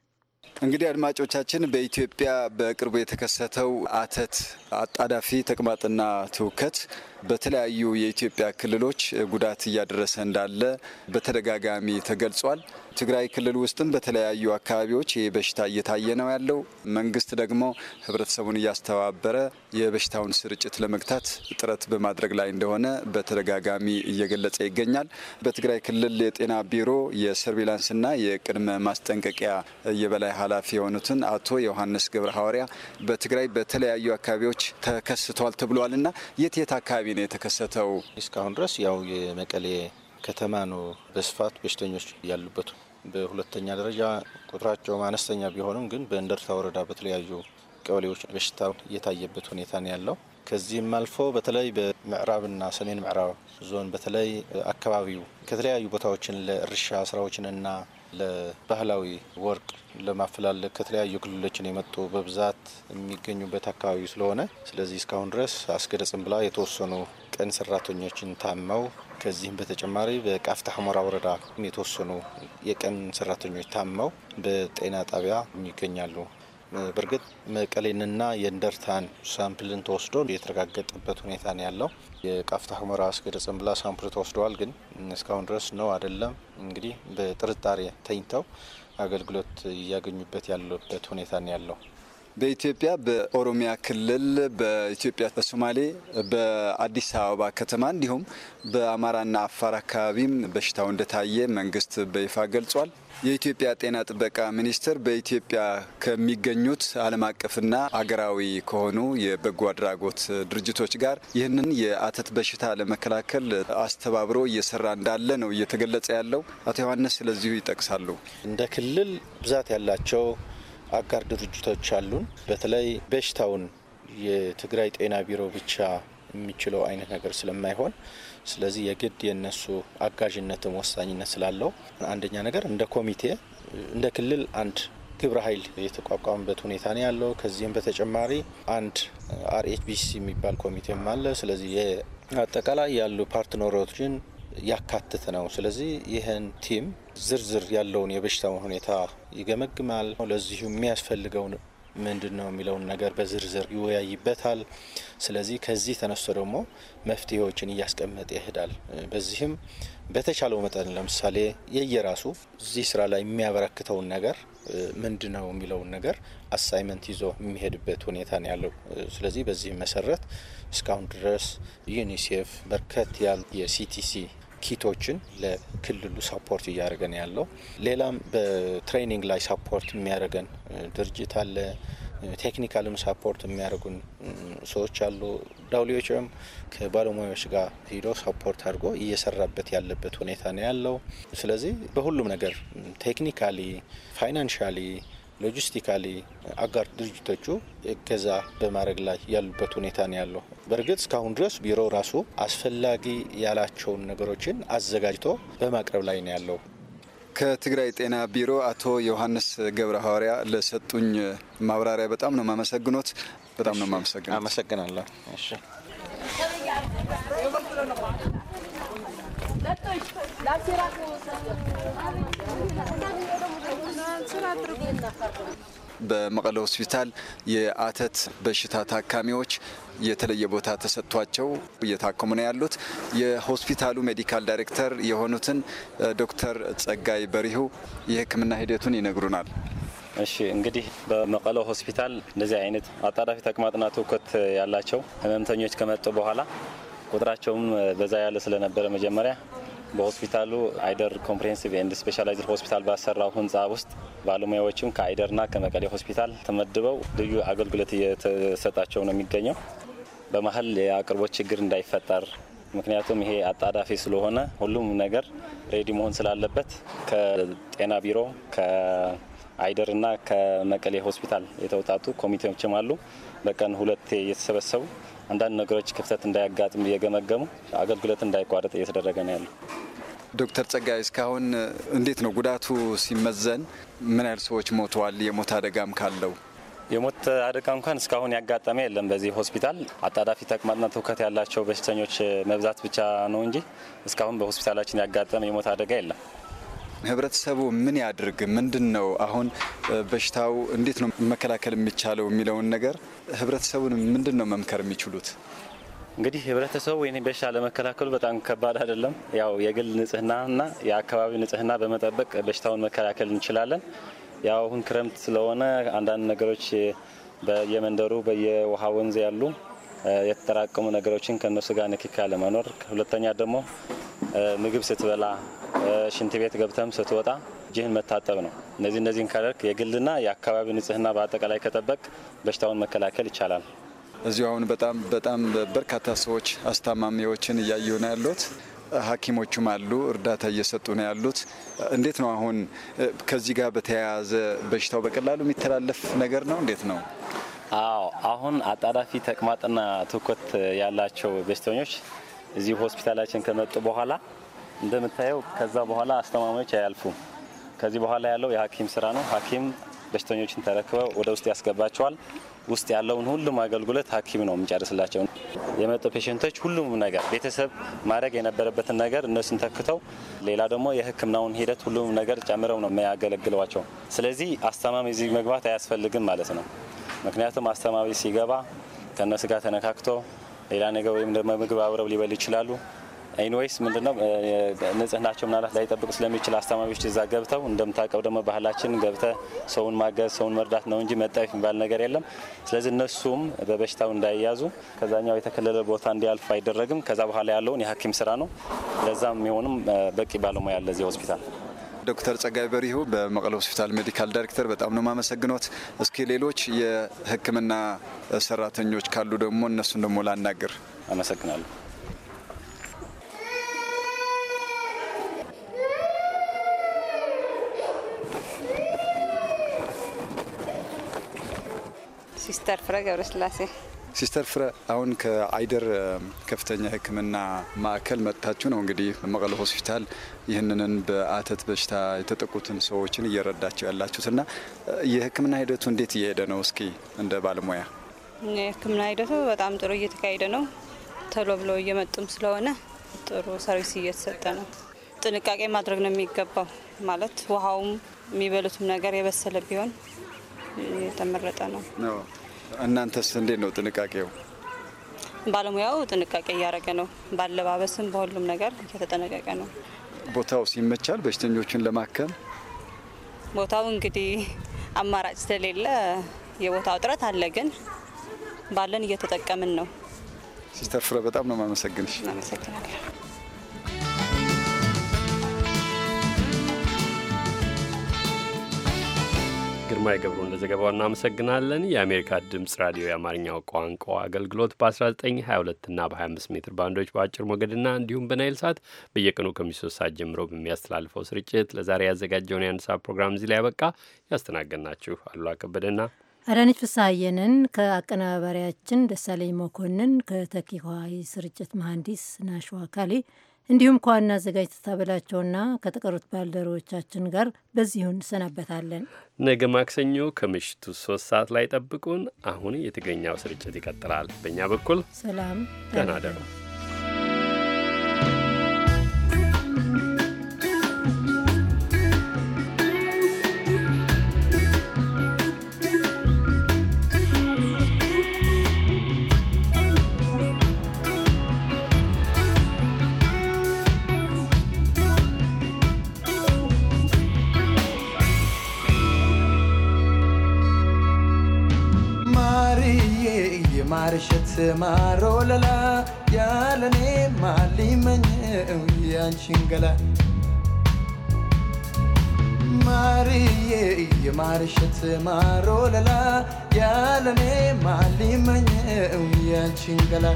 እንግዲህ አድማጮቻችን በኢትዮጵያ በቅርቡ የተከሰተው አተት አጣዳፊ ተቅማጥና ትውከት በተለያዩ የኢትዮጵያ ክልሎች ጉዳት እያደረሰ እንዳለ በተደጋጋሚ ተገልጿል። ትግራይ ክልል ውስጥም በተለያዩ አካባቢዎች ይህ በሽታ እየታየ ነው ያለው። መንግስት ደግሞ ህብረተሰቡን እያስተባበረ የበሽታውን ስርጭት ለመግታት ጥረት በማድረግ ላይ እንደሆነ በተደጋጋሚ እየገለጸ ይገኛል። በትግራይ ክልል የጤና ቢሮ የሰርቬላንስና የቅድመ ማስጠንቀቂያ የበላይ ኃላፊ የሆኑትን አቶ ዮሐንስ ገብረ ሐዋርያ በትግራይ በተለያዩ አካባቢዎች ተከስቷል ተብሏልና የት የት አካባቢ ነው የተከሰተው? እስካሁን ድረስ ያው የመቀሌ ከተማ ነው በስፋት በሽተኞች ያሉበት። በሁለተኛ ደረጃ ቁጥራቸውም አነስተኛ ቢሆንም ግን በእንደርታ ወረዳ በተለያዩ ቀበሌዎች በሽታ እየታየበት ሁኔታ ነው ያለው። ከዚህም አልፎ በተለይ በምዕራብና ሰሜን ምዕራብ ዞን በተለይ አካባቢው ከተለያዩ ቦታዎችን ለእርሻ ስራዎችንና ለባህላዊ ወርቅ ለማፈላለግ ከተለያዩ ክልሎችን የመጡ በብዛት የሚገኙበት አካባቢ ስለሆነ ስለዚህ እስካሁን ድረስ አስገደጽም ብላ የተወሰኑ ቀን ሰራተኞችን ታመው ከዚህም በተጨማሪ በቃፍታ ሁመራ ወረዳ የተወሰኑ የቀን ሰራተኞች ታመው በጤና ጣቢያ ይገኛሉ። በእርግጥ መቀሌንና የእንደርታን ሳምፕልን ተወስዶ የተረጋገጠበት ሁኔታ ነው ያለው። የቃፍታ ሁመራ አስገደ ጽንብላ ሳምፕል ተወስደዋል፣ ግን እስካሁን ድረስ ነው አይደለም እንግዲህ በጥርጣሬ ተኝተው አገልግሎት እያገኙበት ያለበት ሁኔታ ነው ያለው። በኢትዮጵያ በኦሮሚያ ክልል በኢትዮጵያ በሶማሌ በአዲስ አበባ ከተማ እንዲሁም በአማራና አፋር አካባቢም በሽታው እንደታየ መንግስት በይፋ ገልጿል። የኢትዮጵያ ጤና ጥበቃ ሚኒስቴር በኢትዮጵያ ከሚገኙት ዓለም አቀፍና አገራዊ ከሆኑ የበጎ አድራጎት ድርጅቶች ጋር ይህንን የአተት በሽታ ለመከላከል አስተባብሮ እየሰራ እንዳለ ነው እየተገለጸ ያለው። አቶ ዮሐንስ ስለዚሁ ይጠቅሳሉ። እንደ ክልል ብዛት ያላቸው አጋር ድርጅቶች አሉን። በተለይ በሽታውን የትግራይ ጤና ቢሮ ብቻ የሚችለው አይነት ነገር ስለማይሆን ስለዚህ የግድ የነሱ አጋዥነትም ወሳኝነት ስላለው አንደኛ ነገር እንደ ኮሚቴ እንደ ክልል አንድ ግብረ ኃይል የተቋቋመበት ሁኔታ ነው ያለው። ከዚህም በተጨማሪ አንድ አርኤችቢሲ የሚባል ኮሚቴም አለ። ስለዚህ አጠቃላይ ያሉ ፓርትነሮችን ያካትት ነው። ስለዚህ ይህን ቲም ዝርዝር ያለውን የበሽታውን ሁኔታ ይገመግማል። ለዚሁ የሚያስፈልገውን ምንድን ነው የሚለውን ነገር በዝርዝር ይወያይበታል። ስለዚህ ከዚህ ተነስቶ ደግሞ መፍትሄዎችን እያስቀመጠ ይሄዳል። በዚህም በተቻለው መጠን ለምሳሌ የየራሱ እዚህ ስራ ላይ የሚያበረክተውን ነገር ምንድ ነው የሚለውን ነገር አሳይመንት ይዞ የሚሄድበት ሁኔታ ነው ያለው። ስለዚህ በዚህ መሰረት እስካሁን ድረስ ዩኒሴፍ በርከት ያሉ የሲቲሲ ኪቶችን ለክልሉ ሰፖርት እያደረገን ያለው። ሌላም በትሬኒንግ ላይ ሰፖርት የሚያደርገን ድርጅት አለ። ቴክኒካልም ሰፖርት የሚያደርጉን ሰዎች አሉ። ዳውሊዎችም ከባለሙያዎች ጋር ሂዶ ሰፖርት አድርጎ እየሰራበት ያለበት ሁኔታ ነው ያለው። ስለዚህ በሁሉም ነገር ቴክኒካሊ ፋይናንሻሊ ሎጂስቲካሊ አጋር ድርጅቶቹ እገዛ በማድረግ ላይ ያሉበት ሁኔታ ነው ያለው። በእርግጥ እስካሁን ድረስ ቢሮ ራሱ አስፈላጊ ያላቸውን ነገሮችን አዘጋጅቶ በማቅረብ ላይ ነው ያለው። ከትግራይ ጤና ቢሮ አቶ ዮሐንስ ገብረ ሐዋርያ ለሰጡኝ ማብራሪያ በጣም ነው ማመሰግኖት። በጣም ነው ማመሰግኖት። አመሰግናለሁ። እሺ በመቀለ ሆስፒታል የአተት በሽታ ታካሚዎች የተለየ ቦታ ተሰጥቷቸው እየታከሙ ነው ያሉት። የሆስፒታሉ ሜዲካል ዳይሬክተር የሆኑትን ዶክተር ጸጋይ በሪሁ የሕክምና ሂደቱን ይነግሩናል። እሺ እንግዲህ በመቀለ ሆስፒታል እንደዚህ አይነት አጣዳፊ ተቅማጥና ትውከት ያላቸው ህመምተኞች ከመጡ በኋላ ቁጥራቸውም በዛ ያለ ስለነበረ መጀመሪያ በሆስፒታሉ አይደር ኮምፕሬሄንሲቭ ኤንድ ስፔሻላይዝድ ሆስፒታል ባሰራው ህንፃ ውስጥ ባለሙያዎችም ከአይደርና ከመቀሌ ሆስፒታል ተመድበው ልዩ አገልግሎት እየተሰጣቸው ነው የሚገኘው። በመሀል የአቅርቦት ችግር እንዳይፈጠር ምክንያቱም ይሄ አጣዳፊ ስለሆነ ሁሉም ነገር ሬዲ መሆን ስላለበት ከጤና ቢሮ አይደርና ከመቀሌ ሆስፒታል የተውጣጡ ኮሚቴዎችም አሉ። በቀን ሁለቴ እየተሰበሰቡ አንዳንድ ነገሮች ክፍተት እንዳያጋጥም እየገመገሙ አገልግሎት እንዳይቋረጥ እየተደረገ ነው ያለው። ዶክተር ጸጋይ እስካሁን እንዴት ነው ጉዳቱ ሲመዘን ምን ያህል ሰዎች ሞተዋል? የሞት አደጋም ካለው የሞት አደጋ እንኳን እስካሁን ያጋጠመ የለም። በዚህ ሆስፒታል አጣዳፊ ተቅማጥና ትውከት ያላቸው በሽተኞች መብዛት ብቻ ነው እንጂ እስካሁን በሆስፒታላችን ያጋጠመ የሞት አደጋ የለም። ህብረተሰቡ ምን ያድርግ? ምንድን ነው አሁን በሽታው እንዴት ነው መከላከል የሚቻለው የሚለውን ነገር ህብረተሰቡን ምንድን ነው መምከር የሚችሉት? እንግዲህ ህብረተሰቡ ይህን በሽታ ለመከላከሉ በጣም ከባድ አይደለም። ያው የግል ንጽህናና የአካባቢ ንጽህና በመጠበቅ በሽታውን መከላከል እንችላለን። ያው አሁን ክረምት ስለሆነ አንዳንድ ነገሮች በየመንደሩ በየውሃ ወንዝ ያሉ የተጠራቀሙ ነገሮችን ከእነሱ ጋር ንክኪ ያለመኖር፣ ሁለተኛ ደግሞ ምግብ ስትበላ ሽንት ቤት ገብተም ስትወጣ እጅህን መታጠብ ነው። እነዚህ እነዚህን ከረክ የግልና የአካባቢ ንጽህና በአጠቃላይ ከጠበቅ በሽታውን መከላከል ይቻላል። እዚሁ አሁን በጣም በጣም በርካታ ሰዎች አስታማሚዎችን እያዩ ነው ያሉት። ሐኪሞቹም አሉ እርዳታ እየሰጡ ነው ያሉት። እንዴት ነው አሁን ከዚህ ጋር በተያያዘ በሽታው በቀላሉ የሚተላለፍ ነገር ነው? እንዴት ነው? አዎ አሁን አጣዳፊ ተቅማጥና ትውከት ያላቸው በሽተኞች እዚህ ሆስፒታላችን ከመጡ በኋላ እንደምታየው ከዛ በኋላ አስተማማኞች አያልፉም። ከዚህ በኋላ ያለው የሐኪም ስራ ነው። ሐኪም በሽተኞችን ተረክበው ወደ ውስጥ ያስገባቸዋል። ውስጥ ያለውን ሁሉም አገልግሎት ሐኪም ነው የሚጨርስላቸው። የመጡ ፔሽንቶች ሁሉም ነገር ቤተሰብ ማድረግ የነበረበትን ነገር እነሱን ተክተው፣ ሌላ ደግሞ የህክምናውን ሂደት ሁሉም ነገር ጨምረው ነው የሚያገለግሏቸው። ስለዚህ አስተማሚ እዚህ መግባት አያስፈልግም ማለት ነው። ምክንያቱም አስተማሚ ሲገባ ከነስጋ ጋር ተነካክቶ ሌላ ነገር ወይም ደግሞ ምግብ አብረው ሊበል ይችላሉ። ኢንዌይስ ምንድነው ንጽህናቸው ምናልባት ላይጠብቅ ስለሚችል አስተማሪዎች እዛ ገብተው እንደምታውቀው ደግሞ ባህላችን ገብተ ሰውን ማገዝ ሰውን መርዳት ነው እንጂ መጠየፍ የሚባል ነገር የለም። ስለዚህ እነሱም በበሽታው እንዳይያዙ ከዛኛው የተከለለ ቦታ እንዲያልፍ አይደረግም። ከዛ በኋላ ያለውን የሐኪም ስራ ነው። ለዛም የሚሆንም በቂ ባለሙያ ያለ እዚህ ሆስፒታል። ዶክተር ጸጋይ በሪሁ በመቀለ ሆስፒታል ሜዲካል ዳይሬክተር፣ በጣም ነው ማመሰግኖት። እስኪ ሌሎች የህክምና ሰራተኞች ካሉ ደግሞ እነሱን ደግሞ ላናግር። አመሰግናለሁ። ሲስተር ፍረ ገብረስላሴ። ሲስተር ፍረ አሁን ከአይደር ከፍተኛ ሕክምና ማዕከል መጥታችሁ ነው እንግዲህ በመቀለ ሆስፒታል ይህንንን በአተት በሽታ የተጠቁትን ሰዎችን እየረዳቸው ያላችሁት እና የሕክምና ሂደቱ እንዴት እየሄደ ነው? እስኪ እንደ ባለሙያ የሕክምና ሂደቱ በጣም ጥሩ እየተካሄደ ነው። ተሎ ብለው እየመጡም ስለሆነ ጥሩ ሰርቪስ እየተሰጠ ነው። ጥንቃቄ ማድረግ ነው የሚገባው ማለት ውሃውም የሚበሉትም ነገር የበሰለ ቢሆን የተመረጠ ነው። እናንተስ እንዴት ነው ጥንቃቄው? ባለሙያው ጥንቃቄ እያደረገ ነው። ባለባበስም በሁሉም ነገር እየተጠነቀቀ ነው። ቦታው ሲመቻል በሽተኞችን ለማከም? ቦታው እንግዲህ አማራጭ ስለሌለ የቦታው እጥረት አለ፣ ግን ባለን እየተጠቀምን ነው። ሲስተር ፍረ በጣም ነው ማመሰግንሽ። አመሰግናለሁ። ግርማ የገብሩን ለዘገባው እናመሰግናለን። የአሜሪካ ድምፅ ራዲዮ የአማርኛው ቋንቋ አገልግሎት በ1922 እና በ25 ሜትር ባንዶች በአጭር ሞገድና እንዲሁም በናይል ሳት በየቀኑ ከምሽቱ ሰዓት ጀምሮ በሚያስተላልፈው ስርጭት ለዛሬ ያዘጋጀውን የአንድ ሰዓት ፕሮግራም እዚህ ላይ ያበቃ። ያስተናገድናችሁ አሉላ ከበደና አዳነች ፍስሐየንን ከአቀናባሪያችን ደሳለኝ መኮንን ከተኪኋይ ስርጭት መሐንዲስ ናሽዋ ካሌ እንዲሁም ከዋና አዘጋጅ ተታበላቸውና ከተቀሩት ባልደረቦቻችን ጋር በዚሁ እንሰናበታለን። ነገ ማክሰኞ ከምሽቱ ሶስት ሰዓት ላይ ጠብቁን። አሁን የትግርኛው ስርጭት ይቀጥላል። በእኛ በኩል ሰላም፣ ደህና ደሩ። ስማሮ ለላ ያለኔ ማሊመኘው ያንቺን ገላ ማርዬ የማርሸት ማሮ ለላ ያለኔ ማሊመኘው ያንቺን ገላ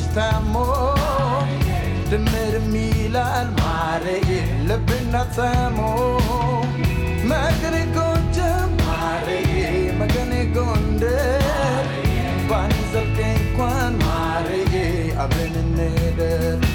ነሽ ታሞ ድምር ሚላል ማረ ልብና ተሞ መገኔ ጎንደር ማረግ መገኔ ጎንደ ባንዘልቅ እንኳን ማረግ አብረን እንሄደር